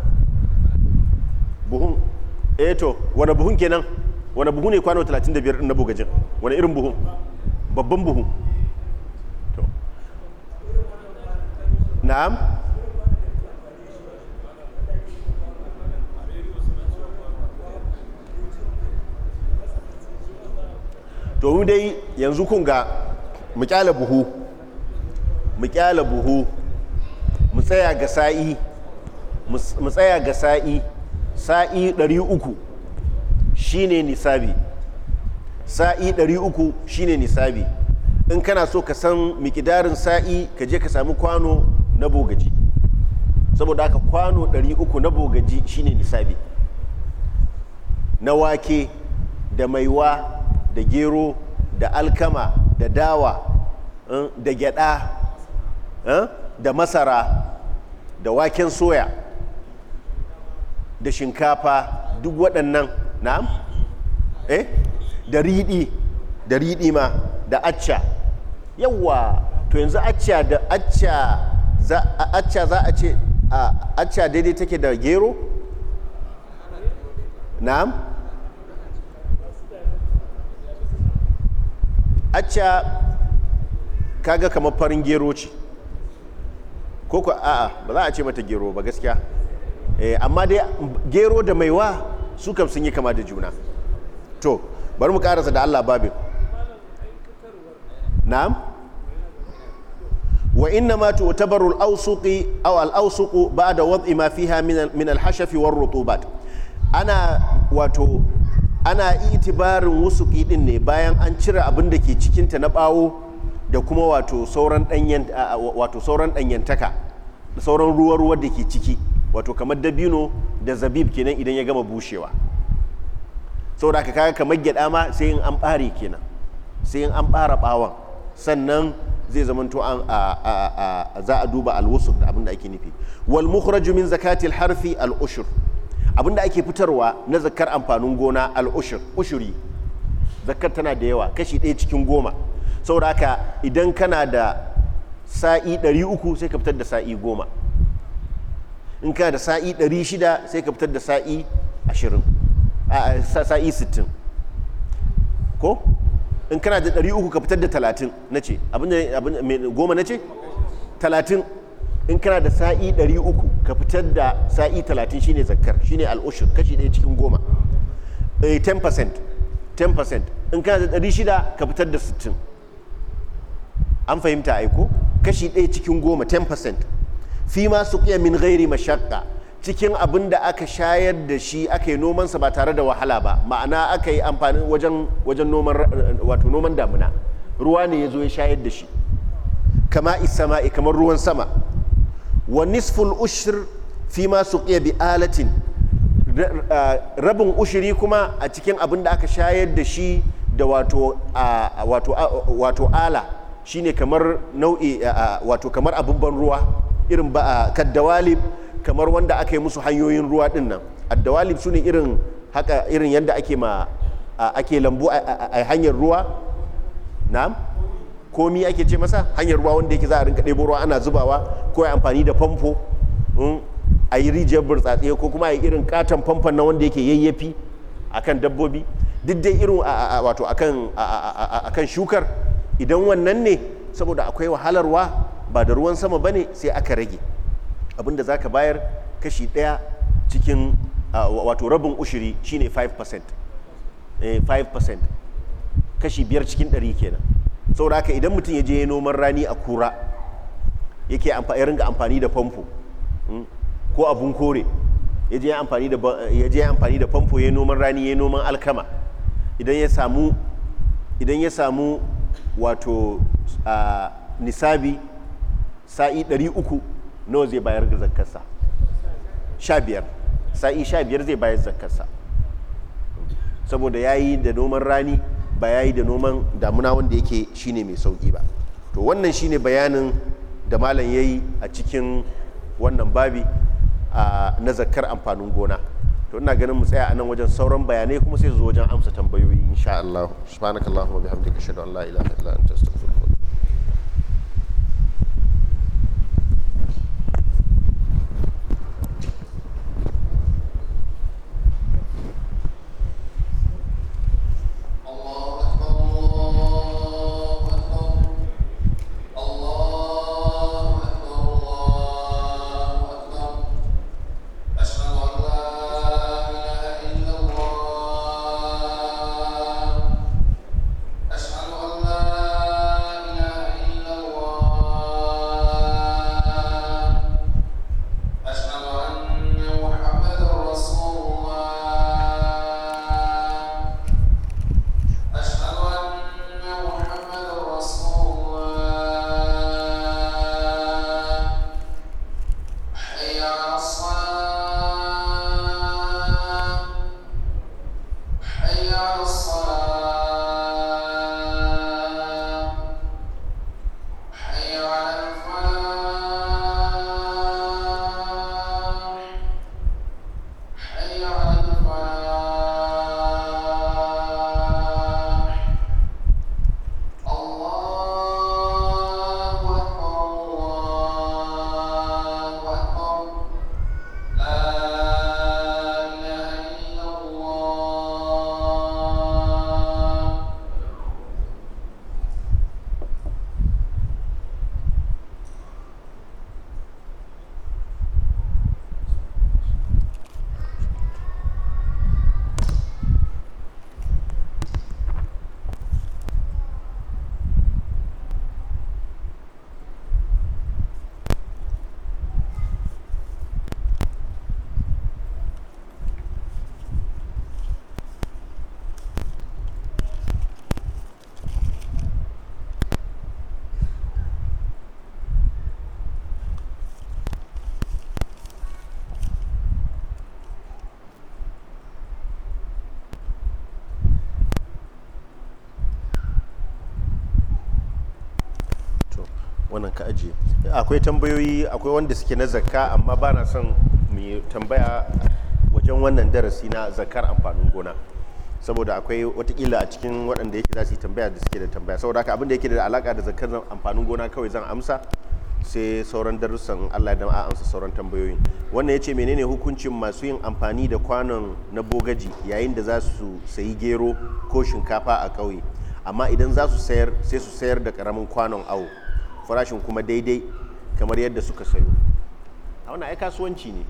buhun eh to wani buhun kenan wani buhu ne kwano 35 din na bugajin wani irin buhun babban buhu to na'am to dai yanzu kun ga mu kyala buhu mu kyala buhu mu tsaya ga sa'i mu tsaya ga sa'i sa'i 300 shine nisabi sa'i 300 shine nisabi in kana so ka san mikidarin sa'i ka je ka samu kwano na bogaji saboda haka kwano 300 na bogaji shine nisabi na wake da maiwa da gero da alkama da dawa eh, da gyada eh, da masara da waken soya da shinkafa duk waɗannan na'am eh da riɗi da riɗi ma da acca yawwa to yanzu acca da acca za acca za a ce acca daidai take da gero na'am acca kaga kamar farin gero ce ko ku a'a ba za a ce mata gero ba gaskiya eh, amma dai gero da maiwa su kam sun yi kama da juna to bari mu karasa da Allah babin na'am wa inna ma tu'tabaru al-awsuqi aw al-awsuqu ba'da wad'i ma fiha min al-hashafi war-rutubat ana wato ana itibarin wusuki din ne bayan an cire abin da ke cikinta na bawo da kuma wato sauran ɗanyantaka da sauran ruwa-ruwa da ke ciki wato kamar dabino da zabib kenan idan ya gama bushewa saboda ka kaga kamar gyaɗa ma sai in an ɓare kenan sai in an ɓara ɓawon sannan zai zamanto an za a duba alwusuk da abin da ake nufi wal mukhraju min zakatil harfi al ushur abinda ake fitarwa na zakar amfanin gona al'ushuri zakar tana da yawa kashi ɗaya cikin goma saboda haka idan kana da sa'i ɗari uku sai ka fitar da sa'i goma in kana da sa'i ɗari shida sai ka fitar da sa'i ashirin sa'i sittin ko in kana da ɗari uku ka fitar da talatin na ce abin goma na ce talatin in kana da sa'i 300 ka fitar da sa'i 30 shine zakkar shine al'ushur kashi ɗaya cikin goma 10% eh, 10% in kana da 600 ka fitar da 60 an fahimta aiko kashi ɗaya cikin goma 10% fi ma su min gairi mashakka cikin abin da aka shayar da shi aka yi nomansa ba tare da wahala ba ma'ana aka yi amfani wajen wajen noman wato noman damuna ruwa ne ya zo ya shayar da shi kama isama'i kamar ruwan sama wa nisful ushir fi ma suqiya bi alatin rabin ushiri kuma a cikin abin da aka shayar da shi da wato wato ala shine kamar nau'i wato kamar abin ban ruwa irin ba kaddawalib kamar wanda aka yi musu hanyoyin ruwa din nan addawalib sune irin haka irin yadda ake ma lambu a hanyar ruwa na'am komi ake ce masa hanyar ruwa wanda yake za a rinka ɗebo ruwa ana zubawa ko ya amfani da famfo hmm, a yi rijiyar burtsatse ko kuma a yi irin katon famfon na wanda yake yayyafi a kan dabbobi duk dai irin wato kan shukar idan wannan ne saboda akwai wahalarwa ba da ruwan sama ba ne sai aka rage abinda za ka bayar kashi ɗaya cikin wato rabin ushiri shine 5% eh, kashi biyar cikin ɗari kenan saboda haka idan mutum ya je noman rani a kura yake ya ringa amfani da famfo hmm, ko abun kore ya je amfani da famfo ya noman rani ya noman alkama idan ya samu idan ya samu wato nisabi sa'i 300 nawa zai bayar da zakkarsa sa'i sha zai bayar zakarsa saboda ya yi da noman rani ba ya yi da noman damuna wanda yake shine mai sauki ba to wannan shine bayanin da malam ya yi a cikin wannan babi na zakar amfanin gona to ina ganin mu tsaya a nan wajen sauran bayanai kuma sai zo wajen amsa tambayoyi insha Allah subhanakallahumma bihamdika ashhadu an la ilaha illa anta astaghfiruka wannan ka ajiye akwai tambayoyi akwai wanda suke na zakka amma ba na son mu tambaya wajen wannan darasi na zakkar amfanin gona saboda akwai watakila a cikin waɗanda yake za su yi tambaya da suke da tambaya saboda haka abin da yake da alaka da zakkar amfanin gona kawai zan amsa sai sauran darussan Allah ya a amsa sauran tambayoyin wannan ya ce menene hukuncin masu yin amfani da kwanon na bogaji yayin da za su sayi gero ko shinkafa a ƙauye amma idan za su sayar sai su sayar da ƙaramin kwanon awo farashin kuma daidai kamar yadda suka sayo a wannan ai kasuwanci ne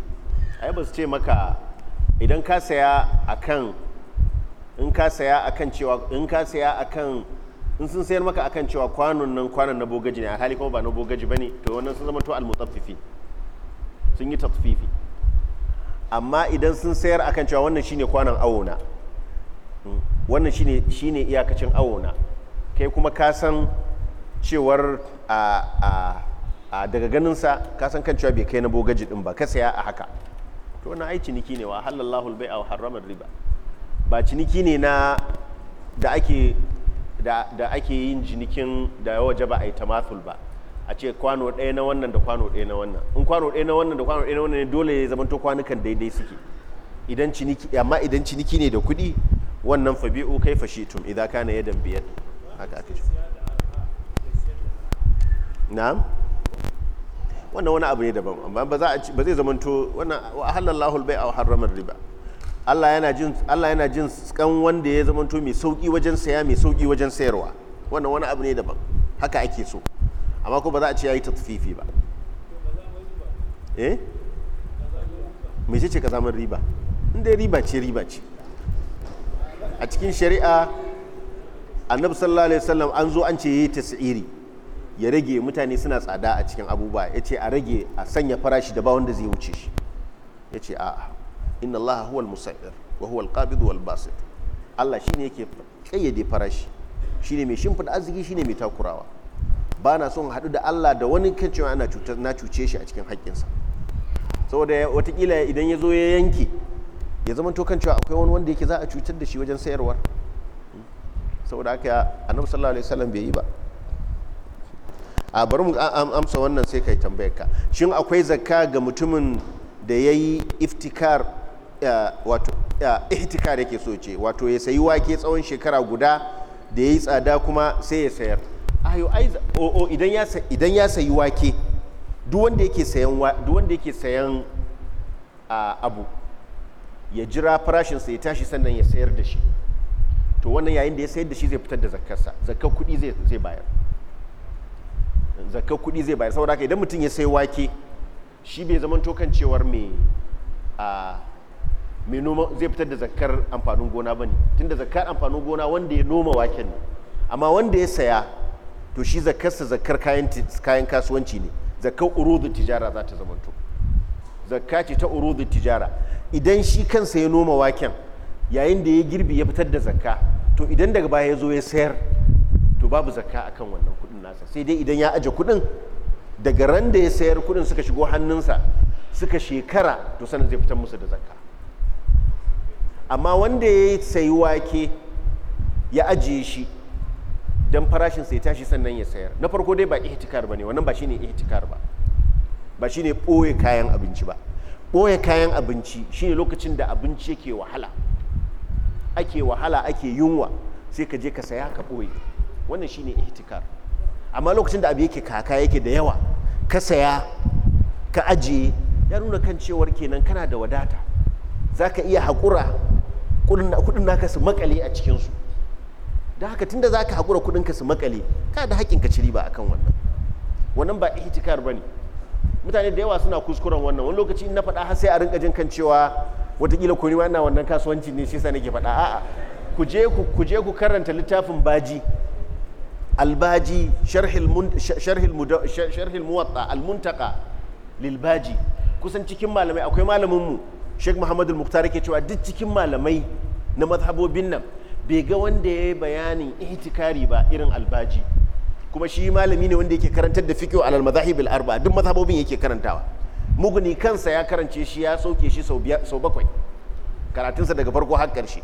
ai ba su ce maka idan ka saya akan in ka saya akan cewa in ka saya akan in sun sayar maka akan cewa kwanon nan kwanon na bogaji ne a hali kuma ba na bogaji ne, to wannan sun zama to almutaffifi sun yi tatfifi amma idan sun sayar akan cewa wannan shine kwanon awona wannan shine shine iyakacin awona kai kuma ka san cewar a daga ganinsa ka san kan cewa bai kai na bogaji din ba ka saya a haka to na ai ciniki ne wa halallahu albai a haramar riba ba ciniki ne na da ake da, da ake yin jinikin da ya waje ba a yi tamathul ba a ce kwano ɗaya na wannan da kwano ɗaya na wannan in kwano ɗaya na wannan da kwano ɗaya na wannan ne dole ya to kwanukan daidai suke idan ciniki amma idan ciniki ne da kuɗi wannan fabi'u kai fashitum idan kana yadan biyar haka ake ce na'am wannan wani abu ne daban amma ba za a ci ba zai zamanto wannan wa halallahu albai aw harramar riba Allah yana jin Allah yana jin kan wanda ya zama to mai sauki wajen saya mai sauki wajen sayarwa wannan wani abu ne daban haka ake so amma ko ba za a ce yayi tatfifi ba eh me ce ka zaman riba inda riba ce riba ce a cikin shari'a annabi sallallahu alaihi wasallam an zo an ce yayi tasiri ya rage mutane suna tsada a cikin abubuwa ya ce a rage a sanya farashi da ba wanda zai wuce shi ya ce a'a inna allaha huwal musa'ir wa huwal qabid wal basit allah shine yake kayyade farashi shine mai shimfida arziki shine mai takurawa ba na son haɗu da allah da wani kan cewa ana na cuce shi a cikin haƙƙinsa saboda watakila idan ya zo ya yanke ya zama to kan cewa akwai wani wanda yake za a cutar da shi wajen sayarwar hmm. saboda haka annabi sallallahu alaihi wasallam bai yi ba a bari mu amsa wannan sai kai tambayar ka shin akwai zakka ga mutumin da ya yi iftikar wato ihtikar yake so ce wato ya sayi wake tsawon shekara guda da ya yi tsada kuma sai ya sayar idan ya sayi wake duk wanda yake sayan duk wanda yake sayan abu ya jira farashinsa ya tashi sannan ya sayar da shi to wannan yayin da ya sayar da shi zai fitar da zakkarsa zakkar kuɗi zai bayar zakar kuɗi zai bayar saboda haka idan mutum ya sai wake shi bai zama tokan cewar a mai noma zai fitar da zakar amfanin gona bane tunda zakar amfanin gona wanda ya noma waken ne amma wanda ya saya to shi zakarsa zakar kayan kasuwanci ne zakar urudu tijara za ta zama zamanto zakka ce ta urudu tijara idan shi kansa ya noma waken yayin da ya girbi ya fitar da zakka to idan daga baya ya zo ya sayar to babu zakka akan wannan kudi. nasa sai dai idan ya aje kuɗin daga ran da ya sayar kuɗin suka shigo hannunsa suka shekara to sanin zai fitar musu da zakka amma wanda ya sayi wake ya ajiye shi don farashin sai tashi sannan ya sayar na farko dai ba ihtikar ba ne wannan ba shine ihtikar ba ba shine ɓoye kayan abinci ba ɓoye kayan abinci shine lokacin da abinci yake wahala ake wahala ake yunwa sai ka je ka saya ka ɓoye wannan shine ihtikar amma lokacin da abu yake kaka yake da yawa ka saya ka ajiye ya nuna kan cewar kenan kana da wadata za ka iya haƙura kudin naka su makale a cikinsu don haka tunda za ka haƙura kudinka su makale ka da haƙƙin ka ci riba kan wannan wannan ba ihtikar ba ne mutane da yawa suna kuskuren wannan wani lokaci in na faɗa har sai a rinka jin kan cewa watakila ko ma ina wannan kasuwanci ne shi sa nake faɗa a'a ku je ku karanta littafin baji albaji sharhil muwatta almuntaka lilbaji kusan cikin malamai akwai mu sheikh muhammadu muktar yake cewa duk cikin malamai na madhabobin nan bai ga wanda ya yi bayanin ihtikari ba irin albaji kuma shi malami ne wanda yake karantar da fiqh alal mazahib al arba duk madhabobin yake karantawa muguni kansa ya karance shi ya sauke shi sau bakwai karatunsa daga farko har karshe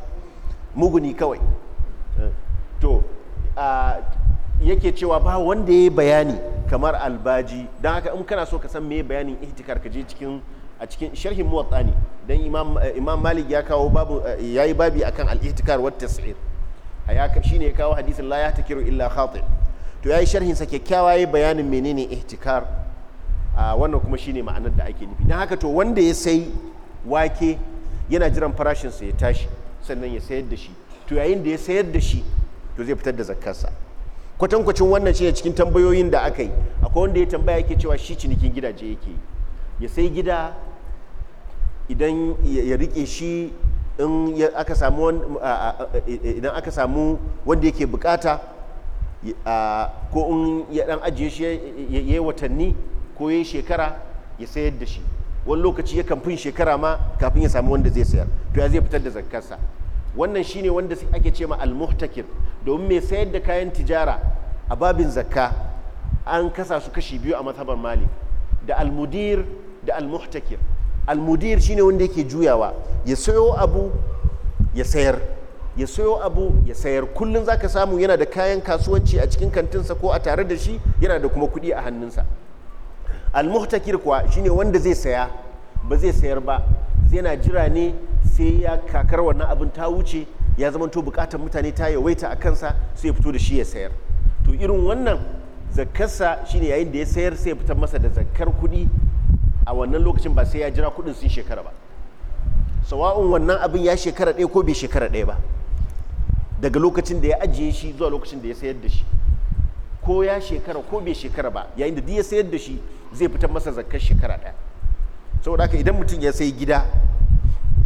muguni kawai to yake cewa ba wanda ya yi bayani kamar albaji don haka in kana so ka san me bayanin ihtikar ka je cikin a cikin sharhin muwatta ne don eh, imam malik ya kawo babu eh, ya yi babi akan al-ihtikar wa tas'ir shi ne ya kawo hadisin la ya yahtakiru illa khati to ya yi sharhin sa kyakkyawa ya bayanin menene ihtikar ah, wannan kuma shine ma'anar da ake nufi don haka to wanda ya sai wake yana jiran farashinsa ya tashi sannan ya sayar da shi to yayin da ya sayar da shi to zai fitar da zakkarsa kwatankwacin wannan shi cikin tambayoyin da aka yi akwai wanda ya tambaya yake cewa shi cinikin gidaje yake ya sai gida idan ya rike shi idan aka samu wanda yake bukata ko in ya dan ajiye shi ya yi watanni ko ya yi shekara ya sayar da shi wani lokaci ya kamfin shekara ma kafin ya samu wanda zai sayar to ya zai fitar da zakkarsa wannan shine wanda ake ce ma almuhtakir domin mai sayar da kayan tijara a babin zakka an kasa su kashi biyu a mazhabar malik da almudir da almuhtakir almudir shine wanda yake juyawa ya sayo abu ya sayar ya sayo abu ya sayar kullum zaka samu yana da kayan kasuwanci a cikin kantinsa ko a tare da shi yana da kuma kuɗi a hannunsa almuhtakir kuwa shine wanda zai saya ba zai sayar ba yana jira ne sai ya kakar wannan abin ta wuce ya zama to bukatar mutane ta yawaita a kansa sai ya fito da shi ya sayar to irin wannan shi shine yayin da ya sayar sai ya fitar masa da zakar kuɗi a wannan lokacin ba sai ya jira kuɗin sun shekara ba sawa'un wannan abin ya shekara ɗaya ko bai shekara ɗaya ba daga lokacin da ya ajiye shi zuwa lokacin da ya sayar da shi ko ya shekara ko bai shekara ba yayin da duk ya sayar da shi zai fitar masa zakar shekara ɗaya saboda haka idan mutum ya sayi gida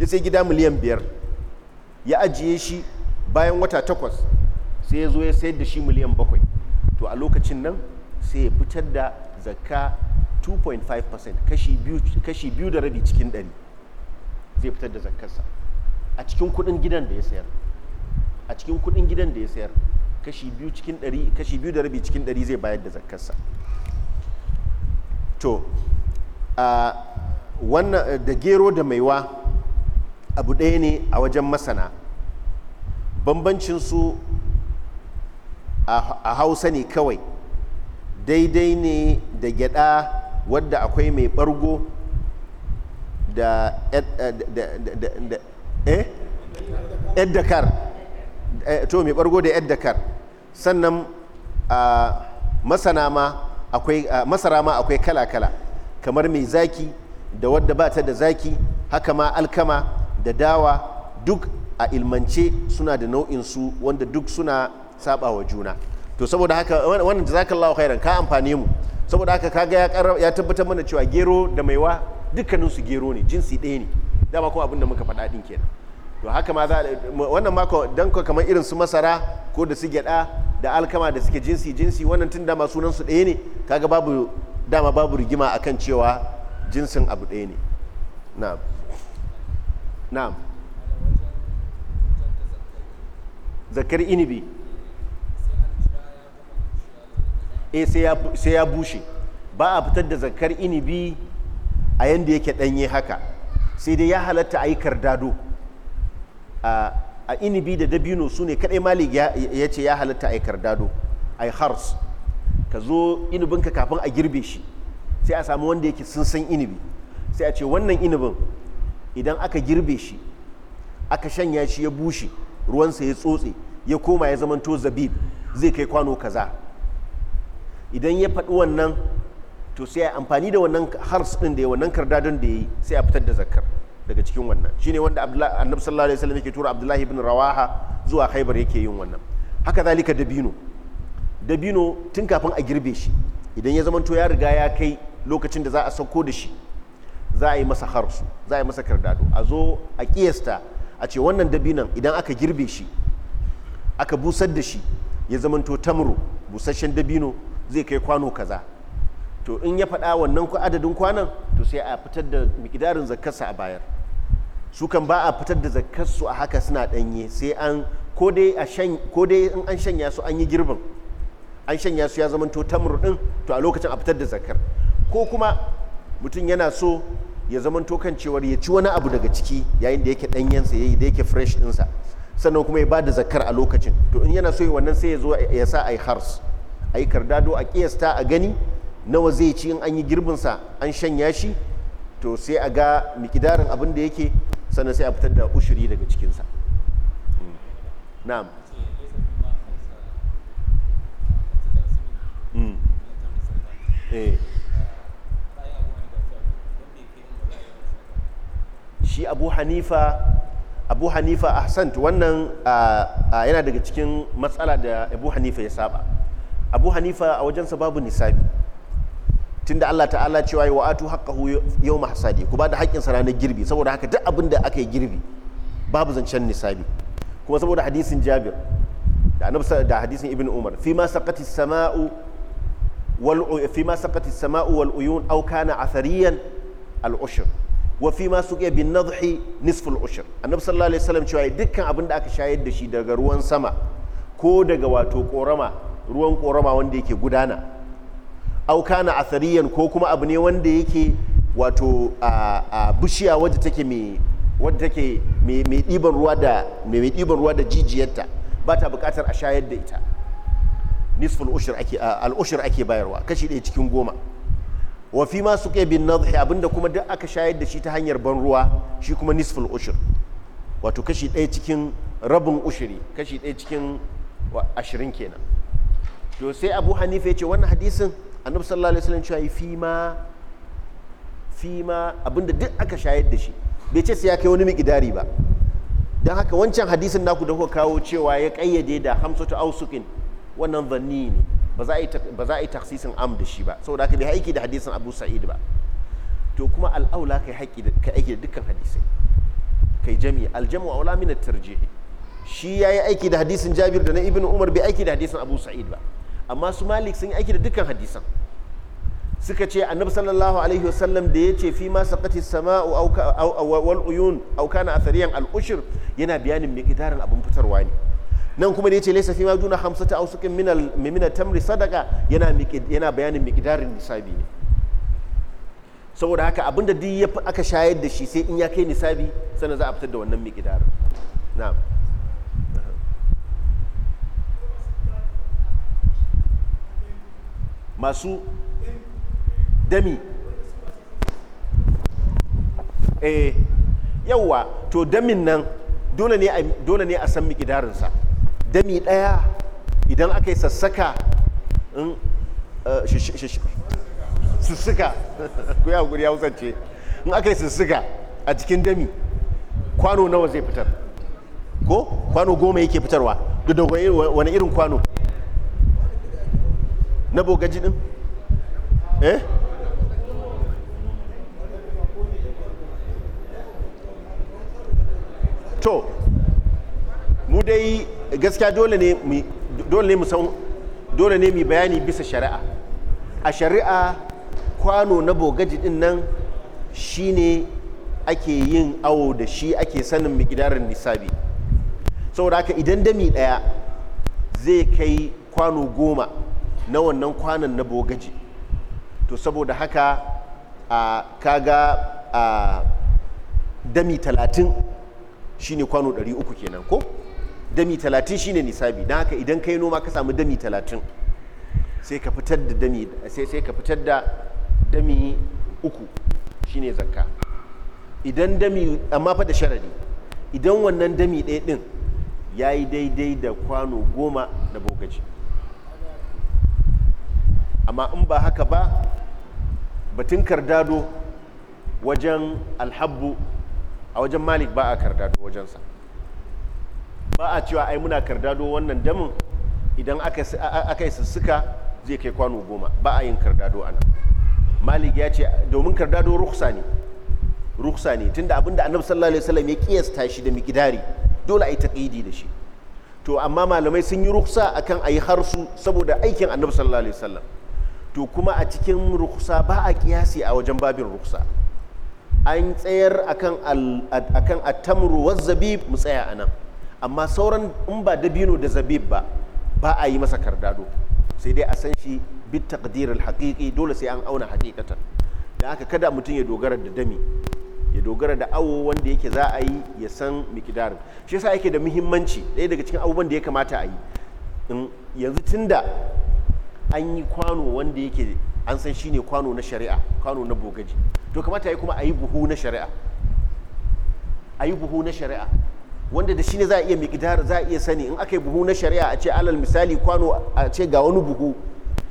ya sai gida miliyan biyar ya ajiye shi bayan wata takwas sai ya zo ya sayar da shi miliyan bakwai to a lokacin nan sai ya fitar da zakka 2.5% kashi biyu da rabi cikin ɗari zai fitar da zakkarsa a cikin kuɗin gidan da ya sayar a cikin kudin gidan da ya sayar kashi biyu cikin ɗari kashi biyu da rabi cikin ɗari zai bayar da zakkarsa to a wannan da gero da maiwa abu ɗaya ne a wajen masana bambancinsu a hausa ne kawai daidai ne da gyada wadda akwai mai ɓargo da eddakar eh? eh, to mai ɓargo da eddakar sannan masana masara ma akwai kala-kala kamar mai zaki da wadda ba ta da zaki haka ma alkama da dawa duk a ilmance suna da nau'in su wanda duk suna saba wa juna to saboda haka wannan jazakallahu khairan ka amfane mu saboda haka kaga ya ya tabbatar mana cewa gero da maiwa dukkanin su gero ne jinsi ɗaya ne dama kuma abin da muka faɗa din kenan to haka ma za wannan mako dan ko kamar irin su masara ko da su gyada da alkama da suke jinsi jinsi wannan tun dama sunan su ɗaya ne kaga babu dama babu rigima akan cewa jinsin abu ɗaya ne na'am na'am zakar inibi eh, sai ya bushe ba a fitar da zakar inibi a yadda yake ɗanye haka sai dai ya halatta a yi kardado a inibi da dabino su ne kaɗai malik ya ce ya halatta a yi kardado a yi hars ka zo inibinka kafin a girbe shi sai a samu wanda yake sun san inibi sai a ce wannan inibin idan aka girbe shi aka shanya shi ya bushe ruwansa ya tsotse ya koma ya zamanto zabib zai kai kwano kaza idan ya faɗi wannan to sai a amfani da wannan hars ɗin da ya wannan kardadon da ya yi sai a fitar da zakar daga cikin wannan shine wanda annabi sallallahu alaihi wasallam yake tura abdullahi ibn rawaha zuwa khaibar yake yin wannan haka zalika dabino dabino tun kafin a girbe shi idan ya zamanto ya riga ya kai lokacin da za a sauko da shi za a yi masa harsu za a yi masa kardado a zo a kiyasta a ce wannan dabinan idan aka girbe shi aka busar da shi ya zamanto tamro busasshen dabino zai kai kwano kaza to in ya faɗa wannan adadin kwanan to sai a fitar da mikidarin zakkarsa a bayar su kan ba a fitar da zakkarsu a haka suna ɗanye sai an ko dai in an shanya su an yi girbin an shanya su ya zamanto tamur ɗin to a lokacin a fitar da zakkar ko kuma mutum yana so ya zama tokan cewar ya ci wani abu daga ciki yayin da yake ɗanyensa ya yi da yake fresh ɗinsa sannan kuma ya ba da zakar a lokacin to in yana so yi wannan sai ya zo ya sa a yi hars a yi kardado a kiyasta a gani nawa zai ci in an yi girbinsa an shanya shi to sai a ga mikidarin abin da yake sannan sai a fitar da ushiri daga cikinsa na'am hmm. eh shi abu hanifa abu hanifa ahsant wannan yana daga cikin matsala da abu hanifa ya saba abu hanifa a wajensa babu nisabi tunda Allah ta'ala cewa wa atu yau yawma hasadi ku ba da haƙƙin ranar girbi saboda haka duk abin da aka yi girbi babu zancen nisabi kuma saboda hadisin Jabir da da hadisin Ibn Umar fi ma saqati samau wal fi ma saqati samau wal al ushr wa fi ma suke bin nadhi nisful ushur annabi sallallahu alaihi wasallam cewa dukkan abin da aka shayar da shi daga ruwan sama ko daga wato korama ruwan korama wanda yake gudana au kana athariyan ko kuma abu ne wanda yake wato a bishiya wadda take mai wadda take mai ɗiban ruwa da mai ɗiban ruwa da jijiyarta ba ta buƙatar a shayar da ita nisful ushr ake al ushur ake bayarwa kashi ɗaya cikin goma wa fi ma suke bin nadhi abinda kuma duk aka shayar da shi ta hanyar ban ruwa shi kuma nisful ushur wato kashi ɗaya cikin rabin ushiri kashi ɗaya cikin ashirin kenan to sai abu hanifa ya ce wannan hadisin annabi sallallahu alaihi wasallam cewa fi ma fi ma abinda duk aka shayar da shi bai ce sai ya kai wani miƙidari ba don haka wancan hadisin naku da kuka kawo cewa ya kayyade da hamsatu ausukin wannan zanni ne ba za a yi taksisin am da shi ba saboda haka bai aiki da hadisin abu sa'id ba to kuma al'aula ka yi aiki da dukkan hadisai kai jami aljamu aula min tarjihi shi ya yi aiki da hadisin jabir da na Ibn umar bai aiki da hadisin abu sa'id ba amma su malik sun aiki da dukkan hadisan suka ce annabi sallallahu alaihi wasallam da ya ce fi ma saqati sama'u aw wal uyun aw kana athariyan al ushur yana bayanin miqdarin abun fitarwa ne nan kuma da ce laisa fi ma duna hamsata aw sukin min al min tamri sadaqa yana yana bayanin miqdarin nisabi ne saboda haka abinda duk ya aka shayar da shi sai in ya kai nisabi sannan za a fitar da wannan miqdarin na'am masu dami eh yawwa to damin nan dole ne a san miƙidarinsa dami ɗaya idan aka yi sassaka eh, sussuka ku ya guri ya wuzance in aka yi sussuka a cikin dami kwano nawa zai fitar ko kwano goma yake fitarwa da wani irin kwano na bogaji din eh to mu dai gaskiya dole ne mu dole ne san dole ne mu bayani bisa shari'a a shari'a kwano na bogaji din nan shine ake yin awo da shi ake sanin miqdarin nisabi saboda haka idan dami daya zai kai kwano goma na wannan kwanan na bogaji to saboda haka a kaga a dami talatin shine kwano 300 kenan ko dami talatin shine nisabi don haka idan ka yi noma ka samu dami talatin sai ka fitar da dami sai sai ka fitar da dami uku shine zakka idan dami amma fa da idan wannan dami ɗaya ɗin ya yi daidai da kwano goma da bogaji amma in ba haka ba batun kardado wajen alhabbu a wajen malik ba a kardado wajensa ba a cewa ai muna kardado wannan damin idan aka yi sussuka zai kai kwano goma ba a yin kardado ana malik ya ce domin kardado ruksa ne ruksa ne tunda abinda annabi sallallahu alaihi wasallam ya kiyasta shi da mikidari dole a yi taqidi da shi to amma malamai sun yi ruksa akan a yi harsu saboda aikin annabi sallallahu alaihi wasallam to kuma a cikin ruksa ba a kiyasi a wajen babin ruksa an tsayar akan akan at-tamru mu tsaya anan amma sauran in ba dabino da zabib ba ba a yi masa kardado sai dai a san shi bi taqdir al haqiqi dole sai an auna haqiqatan da haka kada mutum ya dogara da dami ya dogara da awo wanda yake za a yi ya san mikidarin shi yasa yake da muhimmanci ɗaya daga cikin abubuwan da ya kamata a yi yanzu tunda an yi kwano wanda yake an san shine kwano na shari'a kwano na bogaji to kamata ya kuma a yi buhu na shari'a a yi buhu na shari'a wanda da shi ne za a iya miƙidar za a iya sani in aka yi buhu na shari'a a ce alal misali kwano a ce ga wani buhu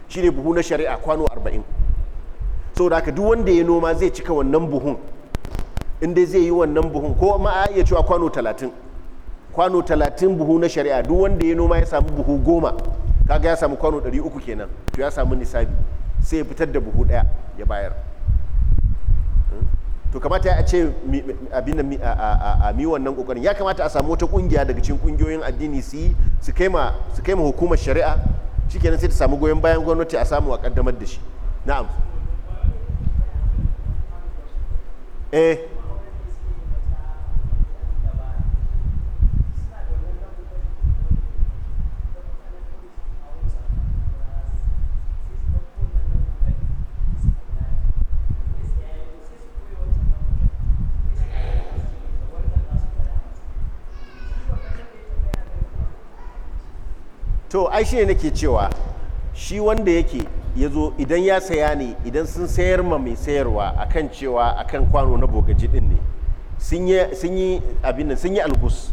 shi ne buhu na shari'a kwano arba'in saboda haka duk wanda ya noma zai cika wannan buhun in dai zai yi wannan buhun ko ma a iya cewa kwano talatin kwano talatin buhu na shari'a duk wanda ya noma ya samu buhu goma kaga ya samu kwano ɗari uku kenan to ya samu nisabi sai ya fitar da buhu ɗaya ya bayar to kamata a ce abin a mi wannan kokarin ya kamata a samu wata kungiya daga cikin kungiyoyin addini su yi su ma hukumar shari'a shikenan sai ta samu goyon bayan gwamnati a samu a kaddamar da shi na'am eh to ai shi ne nake cewa shi wanda yake ya zo idan ya saya ne idan sun sayar ma mai sayarwa akan cewa akan kwano na bogaji din ne sun yi abin sun yi algus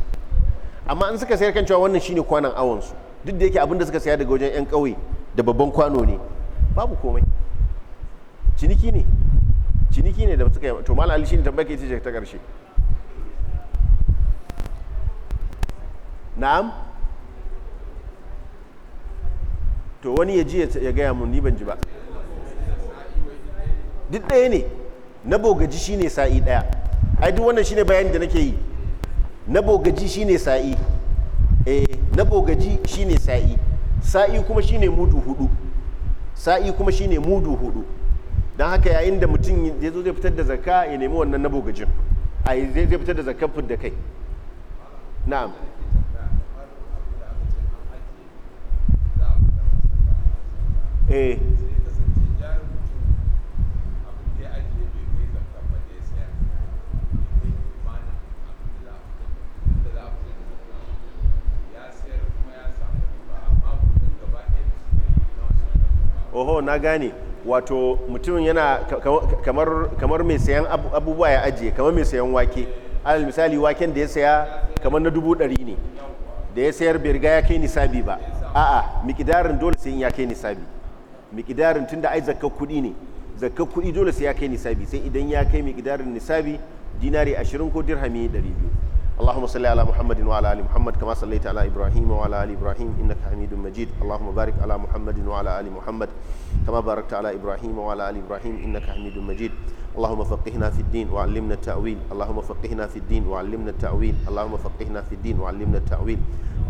amma in suka sayar kan cewa wannan shine kwanan awon su duk da yake abin da suka saya daga wajen yan ƙauye da babban kwano ne babu komai ciniki ne ciniki ne da suka yi to malam ali shine tambayar ke ce ta karshe na'am to wani ya ji ya gaya mun ni ban ji ba duk ɗaya ne na bogaji shine sa'i ɗaya ai duk wannan shine bayani da nake yi na bogaji shine sa'i eh na bogaji shine sa'i sa'i kuma shine mudu hudu sa'i kuma shine mudu hudu don haka yayin da mutum ya zo zai fitar da zakka ya nemi wannan na bogajin a zai fitar da zakkar da kai na'am eh oho na gane wato mutum yana kamar mai sayan abubuwa ya ajiye kamar mai sayan wake alal misali waken da ya saya kamar na dubu ɗari ne da ya sayar bai riga ya kai nisabi ba a'a mikidarin dole sai in ya kai nisabi miƙidarin tunda ai zakka kuɗi ne zakka kuɗi dole sai ya kai nisabi sai idan ya kai miƙidarin nisabi dinari 20 ko dirhami 200 اللهم صل على محمد وعلى ال محمد كما صليت على ابراهيم وعلى ال ابراهيم انك حميد مجيد اللهم بارك على محمد وعلى ال محمد كما باركت على ابراهيم وعلى ال ابراهيم انك حميد مجيد اللهم فقهنا في الدين وعلمنا التأويل اللهم فقهنا في الدين وعلمنا التأويل اللهم فقهنا في الدين وعلمنا التأويل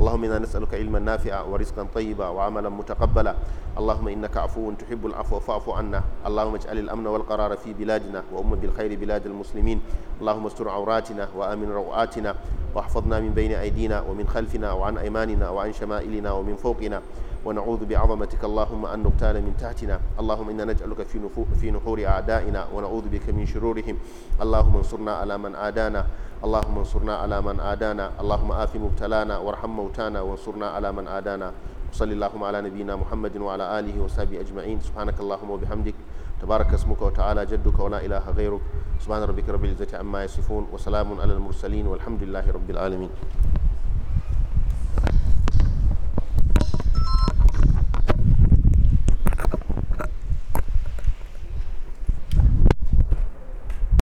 اللهم إنا نسألك علما نافعا ورزقا طيبا وعملا متقبلا اللهم إنك عفو تحب العفو فاعف عنا اللهم اجعل الأمن والقرار في بلادنا وأم بالخير بلاد المسلمين اللهم استر عوراتنا وآمن روعاتنا واحفظنا من بين أيدينا ومن خلفنا وعن أيماننا وعن شمائلنا ومن فوقنا ونعوذ بعظمتك اللهم أن نغتال من تحتنا اللهم إنا نجعلك في, في نحور أعدائنا ونعوذ بك من شرورهم اللهم انصرنا على من عادانا اللهم انصرنا على من عادانا اللهم آف مبتلانا وارحم موتانا وانصرنا على من عادانا وصل اللهم على نبينا محمد وعلى آله وصحبه أجمعين سبحانك اللهم وبحمدك تبارك اسمك وتعالى جدك ولا إله غيرك سبحان ربك رب العزة عما يصفون وسلام على المرسلين والحمد لله رب العالمين